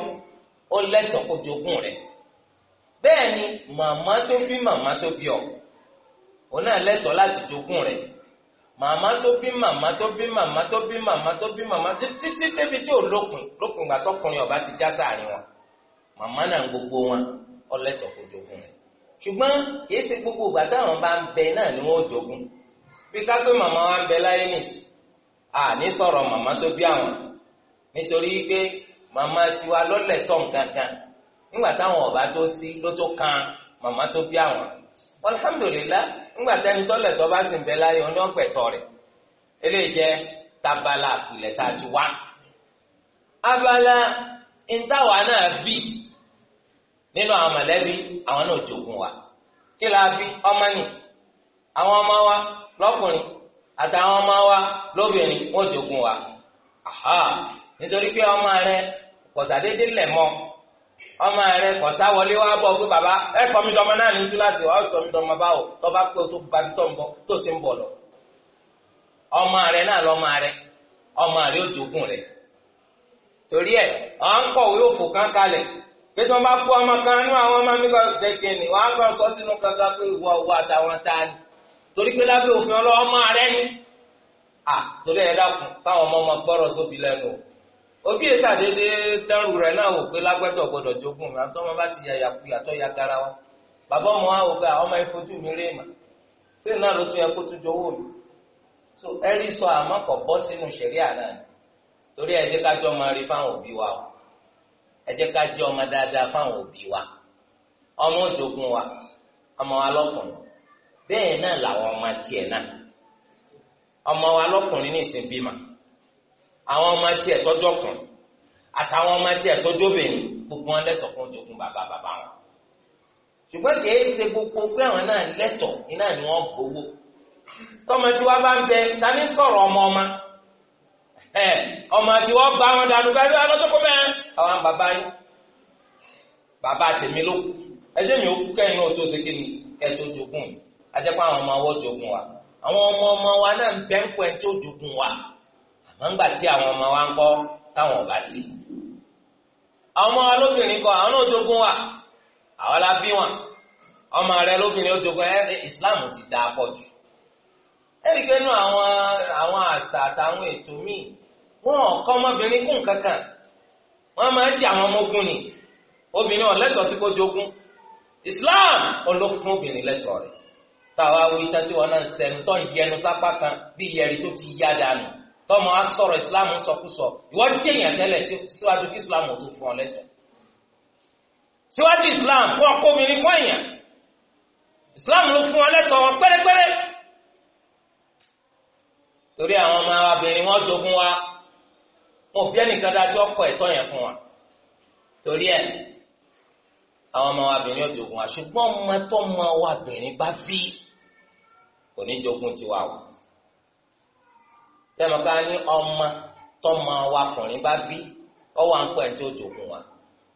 ó lẹ́tọ̀ kó jogún rẹ̀ bẹ́ẹ̀ ni màmá tó bí màmá tó bí ọ òun náà lẹ́tọ̀ láti jogún rẹ̀ màmá tó bí màmá tó bí màmá tó bí màmá tó bí màmá títí débi tí ò lópin lópin ìgbà tọkùnrin ọba ti já sáàrin wọn màmá náà gbogbo wọn ọlẹ́tọ̀ kò jogún rẹ̀ ṣùgbọ́n kìí ṣe gbogbo ìgbà táwọn bá ń bẹ náà ni wọ́n ò bí màmá wa ń bẹ láyé nìsí à ní sọ̀rọ̀ màmá tó bí àwọn àwọn alhamdulillah ńgbà tẹni tọ́lẹ̀ tó bá sì ń bẹ láyé ọ̀nà ọ̀pẹ̀tọ̀ rẹ̀ eléyìí jẹ́ tabala ìpìlẹ̀ tá a ti wá. abala ìntàwá náà bí nínú àwọn mọ̀lẹ́bí àwọn náà jogun wa kí la bí ọmọ nì àwọn ọmọ wa lọ́kùnrin àtàwọn ọmọ wa lóbìnrin wọ́n jogun wa. aha nítorí pé ọmọ rẹ kọ̀tàdédé lẹ̀ mọ́ ọmọ rẹ kọ̀ sáwọlé wá bọ̀ pé bàbá ẹ sọ mi dọmọ náà ní túláàsì ọ sọ mi dọmọ báwo tó bá pé o tó gba tó ń bọ tó ti ń bọ̀ lọ ọmọ rẹ náà lọmọ rẹ ọmọ rẹ òjògùn rẹ torí ẹ ọ ń kọ̀wé pé tí wọ́n bá kó ọmọ kan nínú àwọn ọmọ mi ni rẹ torí ẹ dákun káwọn òbí ètà dédé dẹrù rẹ̀ náà wò pé lágbẹ́tọ̀ gbọdọ̀ jogún mi àti ọmọ ya yàkuyà yàtọ̀ ya garawa bàbá ọmọ wa wò pé àwọn ọmọ ìfojú mi rí mà sí náà ló mi so ẹrí sọ àmọ́ kò bọ́ sínú torí ẹ̀jẹ̀ ká fáwọn òbí wa o ẹ ká fáwọn òbí wa ọmọ wa ọmọ wa àwọn ọmọ tiẹ̀ tọ́jọ́ kan àtàwọn ọmọ tiẹ̀ tọ́jọ́ obìnrin gbogbo wọn lẹ́tọ̀ọ́ bàbá bàbá wọn ṣùgbọ́n kì ṣe gbogbo pé àwọn náà iná ni wọ́n gbowó tí wọ́n bá ń bẹ ọmọ ọmọ tí bá wọn dànù àwọn bàbá ọmọ jogún wa àwọn ọmọ ọmọ wa náà ń ń wa. wọn gbà tí àwọn ọmọ wa ń kọ́ táwọn ọba sí àwọn ọmọ wa lóbìnrin kọ́ àwọn náà jogún wa àwọn la bí wọn ọmọ rẹ lóbìnrin ó jogún ẹ Islam ti dáa pọ̀ jù ẹ̀ríkẹ́ nú àwọn àwọn àṣà àtàwọn ètò míì wọn ọ̀kọ́ ọmọbìnrin kún kankan wọn máa ń jẹ àwọn ọmọ ni obìnrin ọ̀lẹ́tọ̀ọ́ sí kó jogún Islam olófin obìnrin lẹ́tọ̀ọ́ rẹ̀ táwa wí tán tí wọn náà ń sẹnu tó ń yẹnu sápá kan bí ìyẹri tó ti yá dànù tọmọ á sọ̀rọ̀ ìsìláàmù sọkúsọ ìwọ tí èèyàn tẹ́lẹ̀ síwájú kí ìsìláàmù tó fún ọ lẹ́tọ̀ọ́ síwájú ìsìláàmù kó ọkọ mi ní kó èèyàn ìsìláàmù ló fún ọ lẹ́tọ̀ọ́ wọn pẹ́rẹ́pẹ́rẹ́ torí àwọn ọmọ abìnrin wọn jogún wa wọn bí ẹnìkan dájọ́ kọ ẹ̀tọ́ yẹn fún wa torí ẹ̀ àwọn ọmọ abìnrin ò wa ṣùgbọ́n ọmọ tó ọmọ wa abìnrin bá bí kò ní jogún tiwa o tẹ́lẹ̀ máa bá ní ọmọ tọ́mọ wakùnrin bá bí ọwọ́ à ń pẹ́ tó jogun wa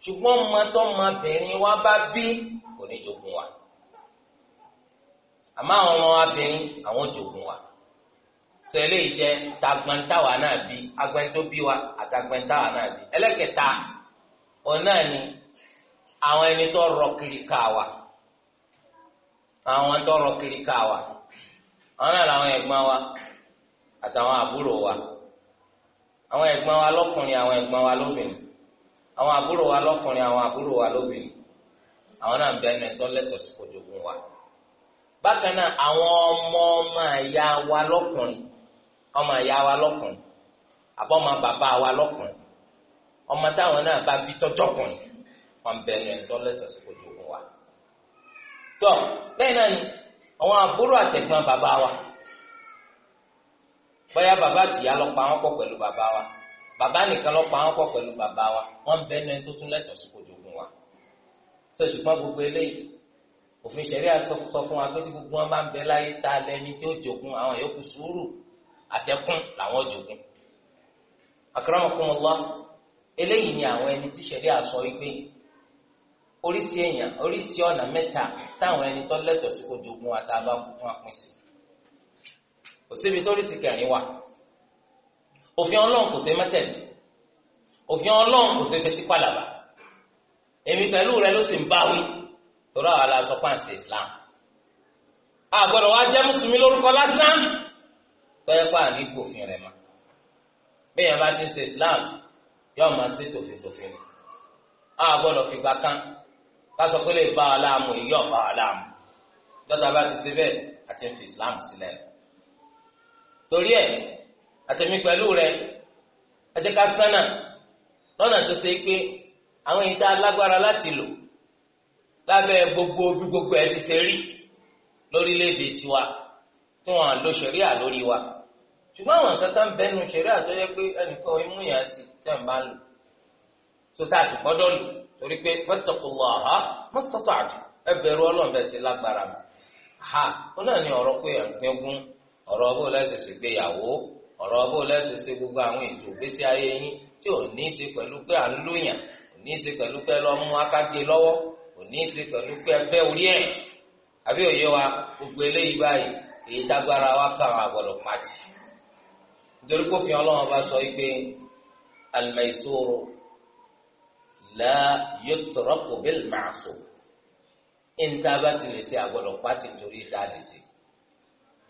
ṣùgbọ́n ọmọ tọ́mọbìnrin wa bá bí kò ní jogun wa àmọ́ àwọn ọmọ abìnrin àwọn jogun wa tó eléyìí jẹ́ tagbantáwa náà bí agbẹ́ntó bí wa àtagbantáwa náà bí ẹlẹ́kẹta òun náà ni àwọn ẹni tó rọ kiri ká wa àwọn tó rọ kiri wa àwọn náà làwọn ẹ̀gbọ́n wa. àtàwọn àbúrò wa àwọn ẹ̀gbọ́n wa lọ́kùnrin àwọn ẹ̀gbọ́n wa lóbìnrin àwọn àbúrò wa lọ́kùnrin àwọn àbúrò wa lóbìnrin àwọn náà bẹ ẹnu ẹ̀tọ́ lẹ́tọ̀ọ́ sí kó jogún wa bákan náà àwọn ọmọ ọmọ àyà wa lọ́kùnrin ọmọ àyà wa lọ́kùnrin àbọ̀ ọmọ bàbá wa lọ́kùnrin ọmọ táwọn náà bá bí tọ́jọ́kùnrin wọn bẹ ẹnu ẹ̀tọ́ lẹ́tọ̀ọ́ sí kó wa tọ bẹ́ẹ̀ náà ni àwọn àbúrò àtẹ̀gbọ́n bàbá wa bóyá bàbá àtìyá lọ pa wọn pọ̀ pẹ̀lú bàbá wa bàbá nìkan lọ pa wọn pọ̀ pẹ̀lú bàbá wa wọn bẹ ẹnu ẹni tó tún lẹ́tọ̀ọ́ sí kojogun wa sọ ṣùgbọ́n gbogbo eléyìí òfin ṣẹ̀ríà sọ fún wa pé tí gbogbo wọn bá ń bẹ láyé ta lẹni tí ó jogun àwọn yòókù sùúrù àtẹkùn làwọn jogun akramakumullah eléyìí ni àwọn ẹni tí ṣẹ̀ríà sọ wípé oríṣi ọ̀nà mẹ́ta táwọn ẹni tó lẹ́tọ̀ọ́ sí kojogun wa tá a bá kú apínsì kò síbi tó rí sìkẹrin wà òfin Ọlọ́run kò sí mẹtẹlẹ òfin Ọlọ́run kò sí fetí pàlàbà èmi pẹ̀lú rẹ ló sì ń báwí torí àwọn aláṣọ pàǹsì Islam àgbọ́dọ̀ wa jẹ́ mùsùlùmí lórúkọ lásán pẹ̀lú pa àní gbòfin rẹ mọ bẹ́ẹ̀ yẹn bá ti ń ṣe Islam yóò máa ṣe tòfin tòfin ni àgbọ́dọ̀ fìgbà kan kásọ pé lè bá wa láàmú èyí ọba wa láàmú dọ́tà bá ti ṣe bẹ́ẹ̀ àti ń fi Islam sílẹ̀ lọ. torí ẹ̀ àtẹ̀mí pẹ̀lú rẹ̀ ẹ jẹ́ ká sánà lọ́nà tó ṣe pé àwọn ìta alágbára láti lò gbogbo bí gbogbo ẹ ti ṣe rí tiwa tí lo ṣẹ̀ríà lórí wa ṣùgbọ́n àwọn kankan bẹ́nu ṣẹ̀ríà tó yẹ pé ẹnìkan imú yẹn sì tẹ̀ ń bá lò tó tá a sì gbọ́dọ̀ lò torí pé fattaqullaha mastata'tu ẹ bẹ̀rù sí lágbára mi ha ó náà ní ọ̀rọ̀ ọ̀rọ̀ bó lẹ́sẹ̀ sì gbéyàwó ọ̀rọ̀ bó lẹ́sẹ̀ sì gbogbo àwọn ètò ìgbésí ayé yín tí ò ní í ṣe pẹ̀lú pé à ń lóyàn ò ní í ṣe pẹ̀lú pé lọ mú akágbe lọ́wọ́ ò ní í ṣe pẹ̀lú pé ẹgbẹ́ orí ẹ̀ àbí òye wa gbogbo eléyìí báyìí èyí tágbára wa kà wọn àgbọ̀dọ̀ pàtì nítorí kó fi ọlọ́run bá sọ pé al-maysuru la yutraku bil ma'sur ìntàbá ti lè ṣe àgbọ̀dọ̀ pàtì nítorí ìdá lè ṣe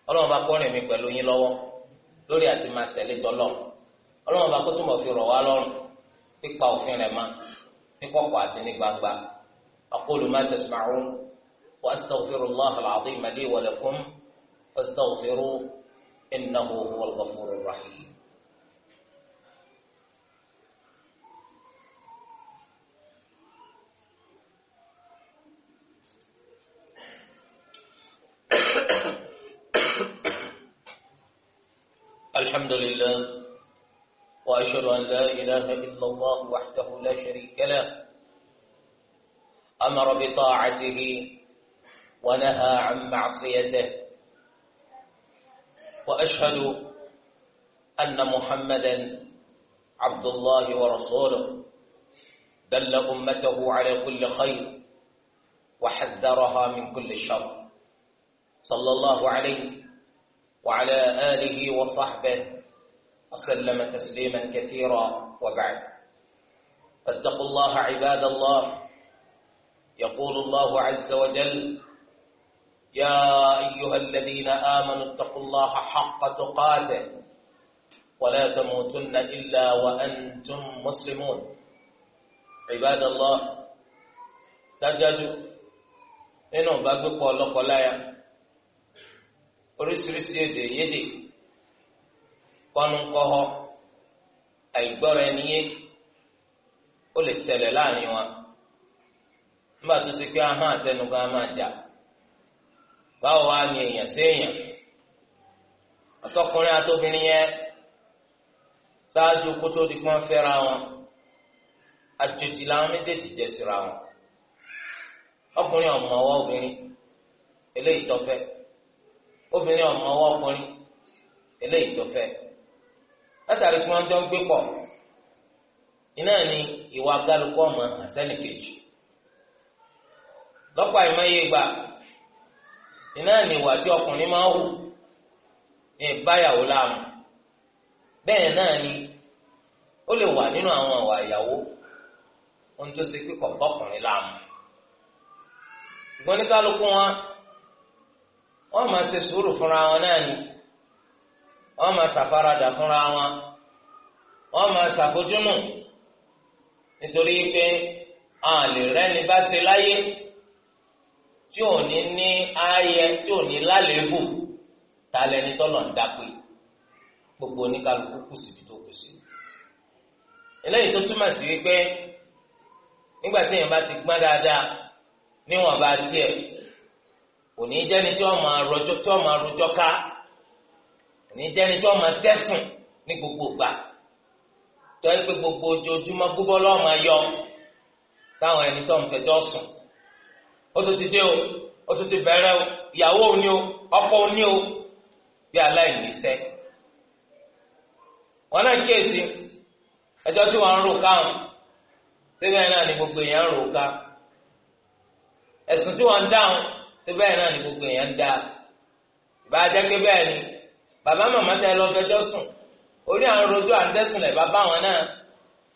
ọlọ́run bá kọ́ rìn mí pẹ̀lú yín lọ́wọ́ lórí àti máa tẹ̀lé tọ́lọ̀ ọlọ́run bá kó tó mọ̀ fi rọ̀ wá lọ́rùn pípa òfin rẹ̀ má ní kọ̀kọ̀ àti ní gbangba aqulu ma tasma'un wa astaghfirullaha al-azima li wa lakum fastaghfiruhu innahu huwal ghafurur rahim. الحمد لله وأشهد أن لا إله إلا الله وحده لا شريك له أمر بطاعته ونهى عن معصيته وأشهد أن محمدا عبد الله ورسوله دل أمته على كل خير وحذرها من كل شر صلى الله عليه وعلى آله وصحبه وسلم تسليما كثيرا وبعد فاتقوا الله عباد الله يقول الله عز وجل يا أيها الذين آمنوا اتقوا الله حق تقاته ولا تموتن إلا وأنتم مسلمون عباد الله تجد إنه بقى قولك ولا يعني oríṣiríṣi èdè yédè kọ́nùkọ́họ́ àìgbọ́ra ẹni ihe ó lè ṣẹlẹ̀ láàrin wọn nígbà tó ṣe pé ahọ́n àtẹnugan á máa jà báwo wá ní èèyàn sí èèyàn ọ̀tọ́kùnrin àtobìnrin yẹn ṣáájú kó tó di pọ́n wọn àjòjì làwọn méjèèjì jẹ síra wọn ọkùnrin obìnrin eléyìí obìnrin ọmọ ọwọ́ ọkùnrin eléyìí tó fẹ́ látàrí tí wọ́n jọ ń gbé pọ̀ iná ni ìwà gálukú ọmọ àsẹ́nì kejì lọ́pọ̀ àìmọye gbà iná ni ìwà tí ọkùnrin máa ń hù ní ìbáyàwó láàmú bẹ́ẹ̀ náà ni ó lè wà nínú àwọn àwà ìyàwó ohun tó ṣe pé kọ̀ọ̀kọ́kùnrin láàmú ṣùgbọ́n kálukú wọn wọ́n máa ṣe sùúrù fúnra wọn náà ni wọ́n máa ṣàfaradà fúnra wọn wọ́n máa ṣàfojúnù nítorí pé a lè rẹ́ni bá ṣe láyé tí ò ní ní ààyè tí ò ní lálébù ta lẹni tọ́nà ń dápé gbogbo oníkálukú kù síbi tó kù sí. eléyìí tó túmọ̀ sí wípé nígbà tí èèyàn bá ti gbọ́n dáadáa níwọ̀n bá tiẹ̀ òní jẹ́ni tí wọ́n máa tí wọ́n ká òní tí ní gbogbo gbà tó yẹ pé gbogbo gbogbo yọ táwọn ẹni tó ń fẹjọ́ sùn ó tún ti dé o ó tún ti bẹ̀rẹ̀ ìyàwó o ọkọ o bí ṣé bẹ́ẹ̀ náà ni gbogbo èèyàn ń ìbá bẹ́ẹ̀ ni bàbá màmá tẹ lọ fẹjọ́ sùn orí àwọn rojọ́ àndẹ́sùnlẹ̀ bàbá wọn náà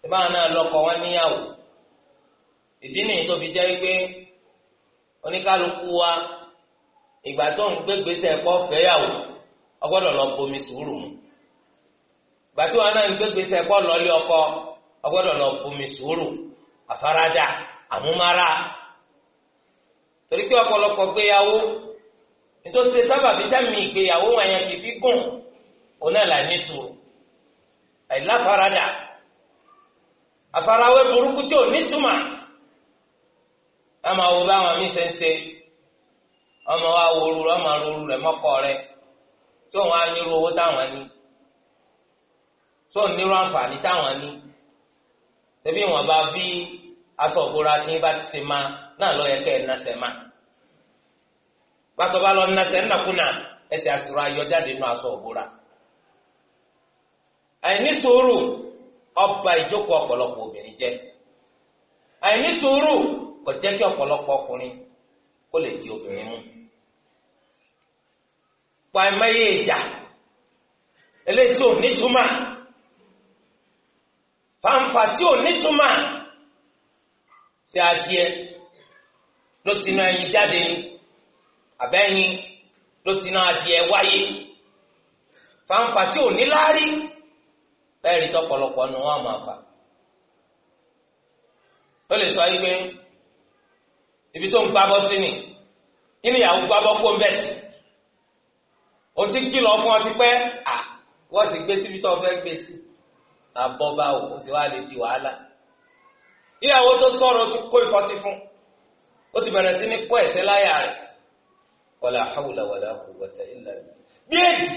bàbá náà lọ́kọ wọn níyàwó ìdí nìyí tó fi jẹ́ pé oníkálukú wa ìgbà tó ń gbé gbèsè ẹ̀kọ́ fẹ́yàwó ọgbọ́dọ̀ lọ bomi sùúrù mu ìgbà tó wọn náà ń gbé gbèsè ẹ̀kọ́ ọkọ torí pé ọ̀pọ̀lọpọ̀ gbéyàwó nítorí sábà fítámì ìgbéyàwó wọn yẹn kì í fi gùn òun náà là ní sùúrù àìláfaradà àfarawé burúkú tí ò nítumà àmọ́ àwọn báwọn mí ṣe ọmọ wa wo oru rẹ ọmọ oru rẹ mọkọ rẹ tí òun á nírú owó táwọn ní tí òun nírú àǹfààní táwọn ní ṣebí wọn bá bí aṣọ òbora tí bá ti ṣe máa. na lọ yẹ kẹ́ ẹ̀ nasẹ̀ ma gbàtọ́ bá lọ nasẹ̀ ńnàkúnà ẹsẹ̀ àsìrò ayọ̀jáde nù aṣọ òbúra àìní sùúrù ọba ìjókòó ọ̀pọ̀lọpọ̀ obìnrin jẹ́ àìní sùúrù kò jẹ́ kí ọ̀pọ̀lọpọ̀ ọkùnrin kó lè di obìnrin mú ìjà eléyìí ló ti ná ẹyin jáde ni àbẹ́yin ló ti ná adìẹ wáyé fanfa tí ò ní láárí bẹ́ẹ̀ rí tọ́pọ̀lọpọ̀ nu wọn máa fà ó lè sọ yí pé ibi tó ń gbábọ́ sí ni kí ni ìyàwó gbábọ́ kó ń bẹ̀ sí o ti kìlọ̀ fún ọ pẹ́ à wọ́n sì gbé síbi tó fẹ́ gbé sí àbọ̀ báwo kò sí wàá lè di wàhálà ìyàwó tó sọ̀rọ̀ ti kó ìfọ́tí fún ó ti bẹ̀rẹ̀ sí ní kọ́ ẹ̀sẹ̀ láyà rẹ̀ wàlà hàwùlà wàlà quwwata illa billah bí èyí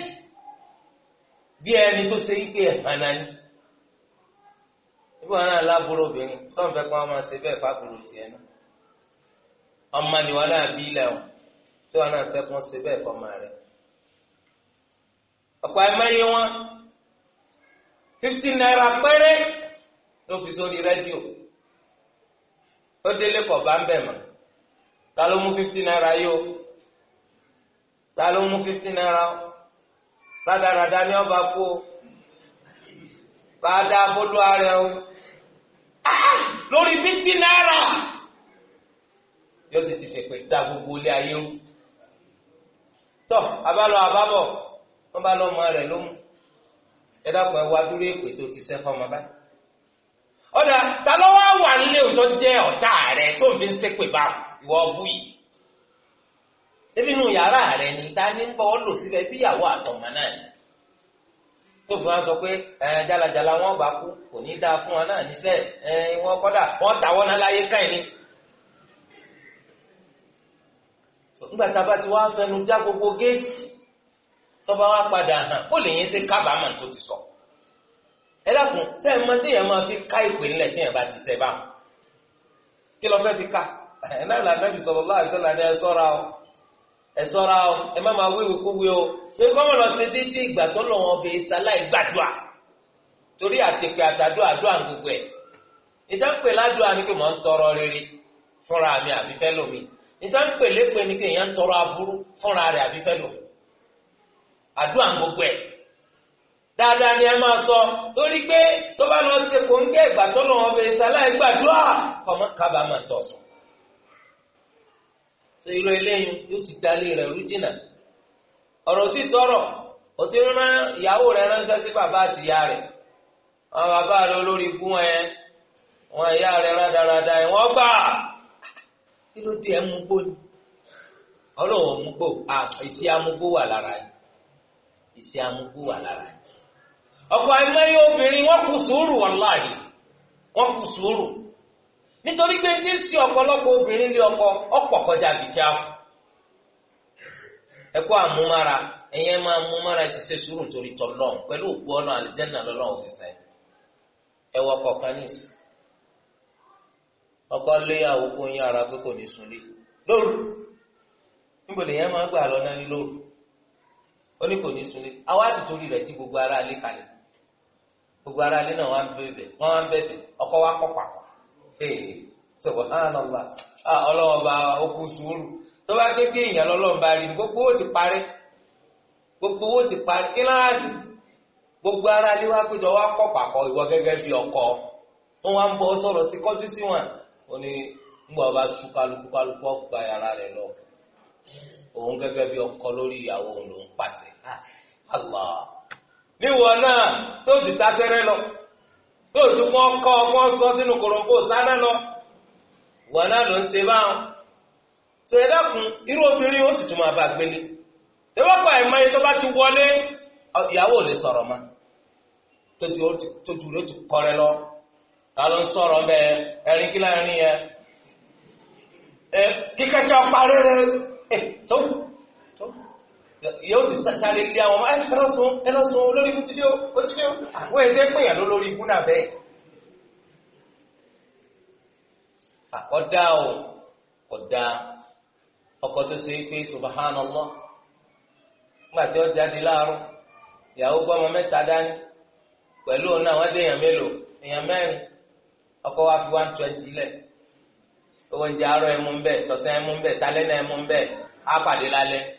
bí ẹni tó ṣe wípé ẹ̀hánà ni níbo náà lábúrò obìnrin sọ́nfẹ́ kan máa ṣe bẹ́ẹ̀ fábùrò tiẹ̀ náà ọmọ nìwọ náà bí ilẹ̀ o tí wọn náà fẹ́ kún ṣe bẹ́ẹ̀ fọmọ rẹ̀ ọ̀pọ̀ ẹ̀mẹ́yẹ wọn fifteen naira péré ló fi sórí rédíò ó délé kọ̀ ń bẹ̀ mọ́ ta ló mú fifty naira yìí o ta ló mú fifty naira o rádaràda ni ọba kú o bàdá bọ́dú ààrẹ o ah, ah, lórí fifty naira yóò sì ti fèpè dá gbogbo ilé ayé o tọ abalọ ababọ wọn bá lọ ọmọ rẹ ló mú ẹ dákun ẹ wá dúró èpè tó ti sẹ fọmọ báyìí ọ̀dà ta ló wá wà nílé òótọ́ jẹ́ ọ̀tá rẹ tó ń fi ń ṣépè báwọn ìwọ ọbú yìí ebi inú yàrá rẹ ni ta ni ń bọ ọ lò síbẹ̀ bí ìyàwó àtọmọ náà ni tó fi wọn sọ pé ẹ jalajala wọn bá kú kò ní dáa fún wọn náà níṣẹ́ ẹ wọn kódà wọn tàwọn náà láyé káyìn ni. nígbà tá a bá ti wá fẹnu já gbogbo géètì tọba wa padà hàn ó lè yín sí kábàámọ̀ tó ti sọ. ẹ dákun sẹ́yìn mọ́ tí yẹn máa fi ká ìpè ńlẹ̀ tí yẹn bá ti sẹ́ báwọn kí lọ fẹ́ fi ká. ẹ̀ na lànà bí sallallahu alaihi wasallam ẹ sọ́ra o ẹ má máa wéwèé kúwe o pé kọ́mọ̀ lọ sí dídí ìgbà tó lọ wọn gbàdúà torí àtẹ̀pẹ́ àtàdúà àdúà gbogbo ẹ̀ ni pé mò ń tọrọ rere fúnra mi àbí fẹ́ lómi ni pé èèyàn ń tọrọ aburú fúnra rẹ̀ àbí fẹ́ lómi àdúà gbogbo ẹ̀ dáadáa ni ẹ sọ torí pé tó bá lọ tó irú eléyìí yóò ti dalé rẹ̀ rú jìnnà ọ̀rọ̀ tí tọrọ ó ti rán ìyàwó rẹ̀ ránṣẹ́ sí bàbá àti ìyá rẹ̀ àwọn bàbá rẹ̀ olórí ikú wọn yẹn wọn ìyá rẹ̀ rádaràda yẹn wọ́n gbà kí ló dé ẹ̀ mú gbó ni ọlọ́wọ́ mú gbó ìsì amúgbó wà lára yìí ìsì amúgbó wà lára yìí ọ̀pọ̀ àìmọye obìnrin wọ́n kù sùúrù wàláhì wọ́n kù sùúrù. nítorí pé ní sí ọ̀pọ̀lọpọ̀ obìnrin lé ọkọ ọ̀pọ̀ kọjá bìkẹ́ àfọ̀ ẹ̀kọ́ àmúmára ẹ̀yẹn máa múmára ẹ̀ ti ṣe sùúrù nítorí tọ́lọ́n pẹ̀lú òkú ọ̀nà àlìjẹ́nà lọ́lọ́run òfìsẹ́ ẹ̀wọ̀ kọ̀ọ̀kan ní ìsìn ọkọ yín ara pé kò ní sunlé lóru níbo lèyàn máa gbà lọ náà ní lóru ó ní kò ní gbogbo ara alé kalẹ̀ gbogbo ara náà wọ́n á Eh, subhanallah ọlọ́wọ́ bá okùn sùúrù tó bá ké bí èèyàn lọ́lọ́run bá rí gbogbo owó ti parí gbogbo owó ti parí kí náà sì gbogbo ara ilé wa péjọ wa ìwọ ọkọ wọn wá ń bọ sọ̀rọ̀ sí kọjú sí wọn ò ní ńgbà ọba kálukú kálukú ọgbà rẹ lọ òun bí ọkọ lórí ìyàwó òun lóòótọ́ kọ́ kọ́ kọ́ sọ sínú kòròǹkò sáná lọ wọn ló ń ṣe báwọn tó ẹ dákun irú obìnrin ó sì tún máa bá gbélé ìwọ́pọ̀ àìmọye tó bá ti wọlé ìyàwó ò lè sọ̀rọ̀ mọ́ tójú rẹ̀ ti kọ́rẹ́ lọ ta ló ń sọ̀rọ̀ ẹ̀rín kí láàrin yẹn yóò ti sáré lé àwọn ọmọ ẹlọ́sùn ẹlọ́sùn olórí ikú ti dé o ti o àwọn èdè pèèyàn ló lórí ikú náà bẹ́ẹ̀. àkọ́dá o kọ̀dá ọkọ̀ tó ṣe é pé subhanallah nígbà tí ó jáde láàárọ̀ ìyàwó mẹ́ta dání pẹ̀lú òun náà wọ́n dé èèyàn mélòó èèyàn mẹ́rin ọkọ̀ wa fi owó oúnjẹ àárọ̀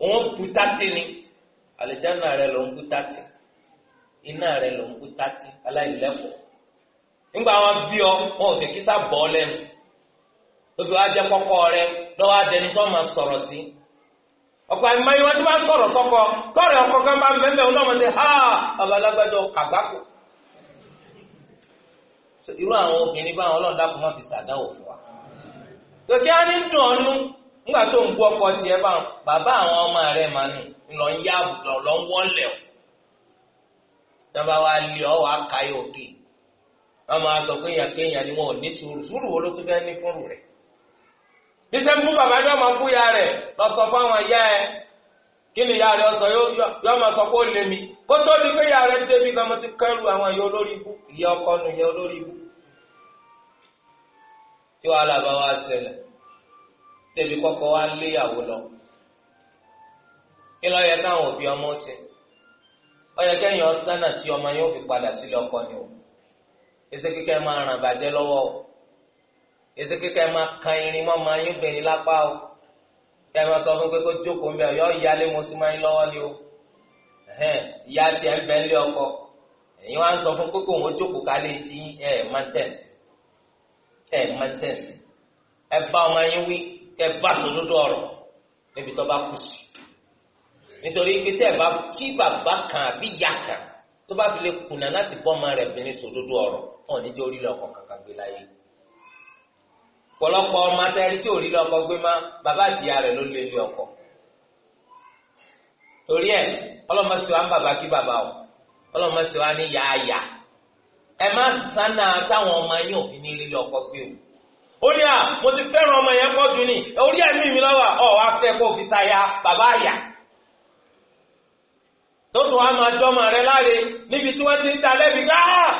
òun kú ni àlìjáná rẹ ló kú tátì iná rẹ ló kú tátì aláìlẹ́kọ̀ọ́ nígbà wọn bí ọ wọn ò fẹ́ kí sá lẹ́nu tóbi wá jẹ́ kọ́kọ́ rẹ lọ́wọ́ adẹni tó máa sọ̀rọ̀ sí ọ̀pọ̀ máa ti máa sọ̀rọ̀ sọ́kọ ọkọ kan bá bẹ́ẹ̀ bẹ́ẹ̀ ha babalágbájọ kàgbákò irú àwọn obìnrin báwọn fi sàdáwò fún wa tòkí á ní dùn ọ́nú nígbà tó ń gbọ́ ọkọ tiẹ̀ bá bàbá àwọn ọmọ rẹ̀ máa nù lọ ń yá àbùdọ̀ lọ ń wọ́lẹ̀ o tọ́ba wa lé ọ wàá ka yóò kì wọ́n máa sọ pé kéèyàn ni wọn ò ní sùúrù sùúrù wo ló tún fẹ́ ní fúnrù rẹ̀ níṣẹ́ fún bàbá yóò máa bú ya rẹ̀ lọ sọ fáwọn ìyá ẹ kí ni ìyá rẹ̀ sọ yóò máa sọ pé ó mi kó tó di pé ìyá rẹ̀ débi gan mo ti kẹ́rù àwọn ìyá olórí ibú ìyá ọkọ nu ìyá olórí ibú tí wàhálà bá wá ṣẹlẹ̀ débi kọ́kọ́ lé léyàwó lọ kí ló yẹ káwọn òbí ọmọ ṣe ó yẹ kẹ́yìn tí ọmọ yóò fi padà sílẹ ọkọ ni o èsì kíkẹ máa ràn bàjẹ́ lọ́wọ́ o èsì kíkẹ máa kan irin mọ́ máa yín lápá o ẹ sọ fún pé kó jókòó ń bẹ ìyálé mo lọ́wọ́ ni o ìyá ń bẹ nílé ọkọ èyí wá sọ fún pé kó òun jókòó kálé tí máa kẹ bá sòdodo ọ̀rọ̀ níbi tó bá kù sí nítorí pé tẹ bá tí bàbá kan àbí ìyá kan tó bá fi lè kùnà láti bọ́ ọmọ rẹ̀ bìnrin sòdodo ọ̀rọ̀ wọn ò ní jẹ́ orílẹ̀ ọkọ̀ kankan gbé láyé pọ̀lọpọ̀ ọmọ atẹ́rí tí ò rí lọ́kọ gbé má bàbá àtìyá rẹ̀ ló lé lé ọkọ torí ẹ ọlọ́mọ sì wá ń bàbá kí bàbá o ọlọ́mọ sì wá ní yáàyà ẹ má sánà táwọn ọmọ yín òfin ní lílé ọkọ gbé o ó ní à mo ti fẹ́ràn ọmọ yẹn pọ̀ jù ní orí ẹ̀mí mi lọ́wọ́ ọ̀ wá fẹ́ kó fi ṣaya bàbá àyà tó tún wá máa dọ́mọ rẹ láre níbi tí wọ́n ti ń ta lẹ́bi ká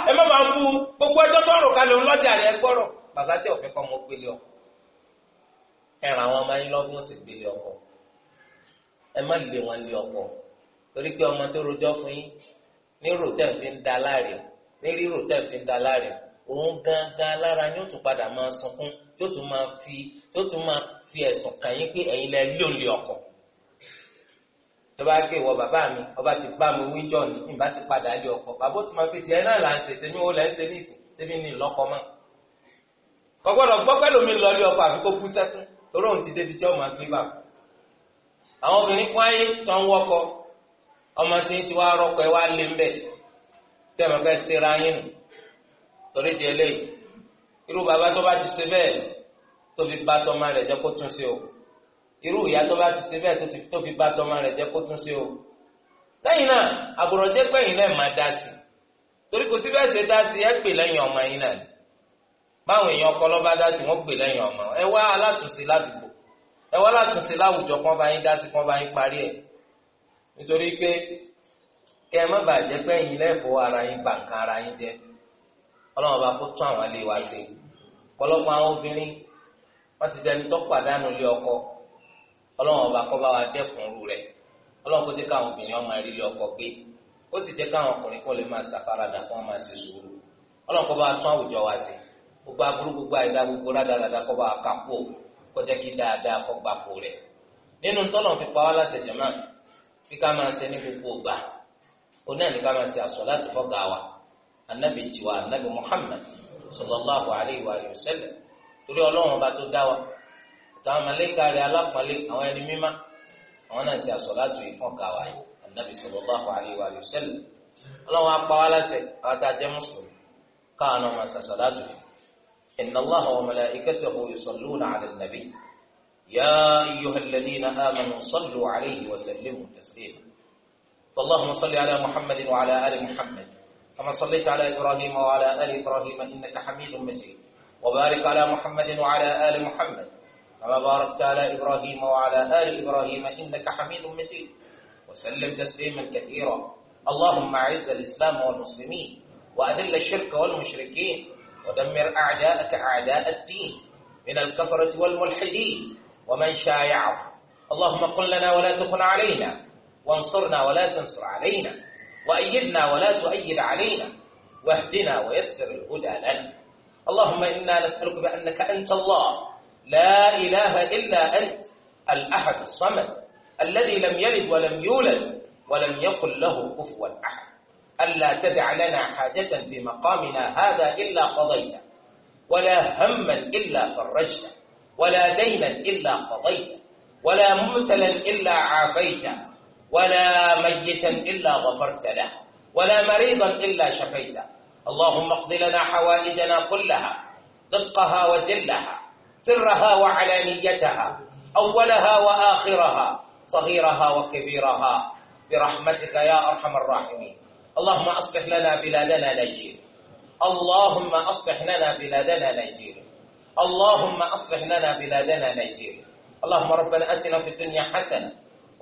ẹ má bàa kú gbogbo ẹjọ́ tó rò kalẹ̀ ńlọ́jà rẹ gbọ́rọ̀ bàbá tí ọ̀fẹ́ kọ́ mọ gbélé ọkọ ẹ ràn àwọn ọmọ yín lọ́gbọ́n sì gbélé ọkọ ẹ má lè wọn lé ọkọ torí pé ọmọ tó rojọ́ fún yín ní rò tẹ̀ fi ń da láre ní rírò tẹ̀ fi ń da láre òun gangan lára ni ó tún padà máa sunkún tí ó tún máa fi tí ó tún máa fi ẹ̀sùn kàn yín pé ẹ̀yin lẹ lé òun lé ọkọ tó bá ké wọ bàbá mi ọba ti bá mi wí jọ ní ìbá ti padà lé ọkọ bàbá tó máa fi tiẹ̀ náà là ń ṣe tèmi ó lẹ ń ṣe níìsín tèmi ní ìlọkọ mọ. kọ́gbọ́dọ̀ gbọ́pẹ́ lómi lọ lé ọkọ àfi kó kú sẹ́kún torí òun ti débi tí ọmọ gbé bà. àwọn obìnrin kún ayé tó ń ọmọ tí ń ti wá rọkọ wá lé ń bẹ̀ tẹ́ torí di eléyìí irú bàbá tó bá ti ṣe bẹ́ẹ̀ tó fi bá tọ́mọ rẹ̀ jẹ́ kó tún ṣe o irú ìyá tó bá ti ṣe bẹ́ẹ̀ tó fi bá tọ́mọ rẹ̀ jẹ́ kó tún ṣe o lẹ́yìn náà àbùrọ̀jẹ́ pẹ̀yìn náà máa dá sí torí kò sí bẹ́ẹ̀ ṣe dá sí ẹ pè lẹ́yìn ọmọ yín náà báwọn èèyàn ọpọlọ bá dá sí wọn pè lẹ́yìn ọmọ ẹ wá alátùnsí ládùúgbò ẹ wá alátùnsí láwùjọ kán bá yín dá sí kán bá yín parí ẹ nítorí pé kẹ ẹ má bàa pẹ̀yìn lẹ́ẹ̀fọ́ ara yín gbàǹkan ara yín jẹ́ ọlọ́run bá kó tún àwọn ilé wa ṣe ọ̀pọ̀lọpọ̀ àwọn obìnrin wọ́n ti dẹni tó pàdánù ilé ọkọ ọlọ́run bá kọ́ bá wa dẹ́kun rú rẹ̀ ọlọ́run kó jẹ́ káwọn obìnrin ọmọ rí ilé ọkọ gbé ó sì jẹ́ káwọn ọkùnrin kó lè máa ṣàfaradà kó máa ṣe sùúrù ọlọ́run kó bá wa tún àwùjọ wa ṣe gbogbo aburú gbogbo àìdá gbogbo rádaràdà kó bá wa kà kó jẹ́ kí dáadáa kó gbà wa anabi tiwa anabi muhammad sallallahu alayhi wa sallam torí ọlọ́run ọba tó dá wa táwọn mọ̀lẹ́ka rẹ̀ alápọ̀nlé àwọn ẹni mímá àwọn náà ti àsọ̀láàtù ìfọ̀nkà wa yìí anabi sallallahu alayhi wa sallam ọlọ́run apá wa láṣẹ àwọn tá a jẹ́ mùsùlùmí káwọn náà máa sàsọ̀láàtù fún إن الله وملائكته يصلون على النبي يا أيها الذين آمنوا صلوا عليه وسلموا تسليما فاللهم صل على محمد وعلى آل محمد كما صليت على إبراهيم وعلى آل إبراهيم إنك حميد مجيد وبارك على محمد وعلى آل محمد كما باركت على إبراهيم وعلى آل إبراهيم إنك حميد مجيد وسلم تسليما كثيرا اللهم أعز الإسلام والمسلمين وأذل الشرك والمشركين ودمر أعداءك أعداء الدين من الكفرة والملحدين ومن شايعهم اللهم قل لنا ولا تكن علينا وانصرنا ولا تنصر علينا وأيدنا ولا تؤيد علينا واهدنا ويسر الهدى لنا اللهم إنا نسألك بأنك أنت الله لا إله إلا أنت الأحد الصمد الذي لم يلد ولم يولد ولم يقل له كفوا أحد ألا تدع لنا حاجة في مقامنا هذا إلا قضيته ولا هما إلا فرجته ولا دينا إلا قضيته ولا مبتلا إلا عافيته ولا ميتا إلا غفرت له ولا مريضا إلا شفيته اللهم اقض لنا حوائجنا كلها دقها وجلها سرها وعلانيتها أولها وآخرها صغيرها وكبيرها برحمتك يا أرحم الراحمين اللهم أصلح لنا بلادنا نجير اللهم أصلح لنا بلادنا نجير اللهم أصلح لنا بلادنا نجير اللهم ربنا أتنا في الدنيا حسنة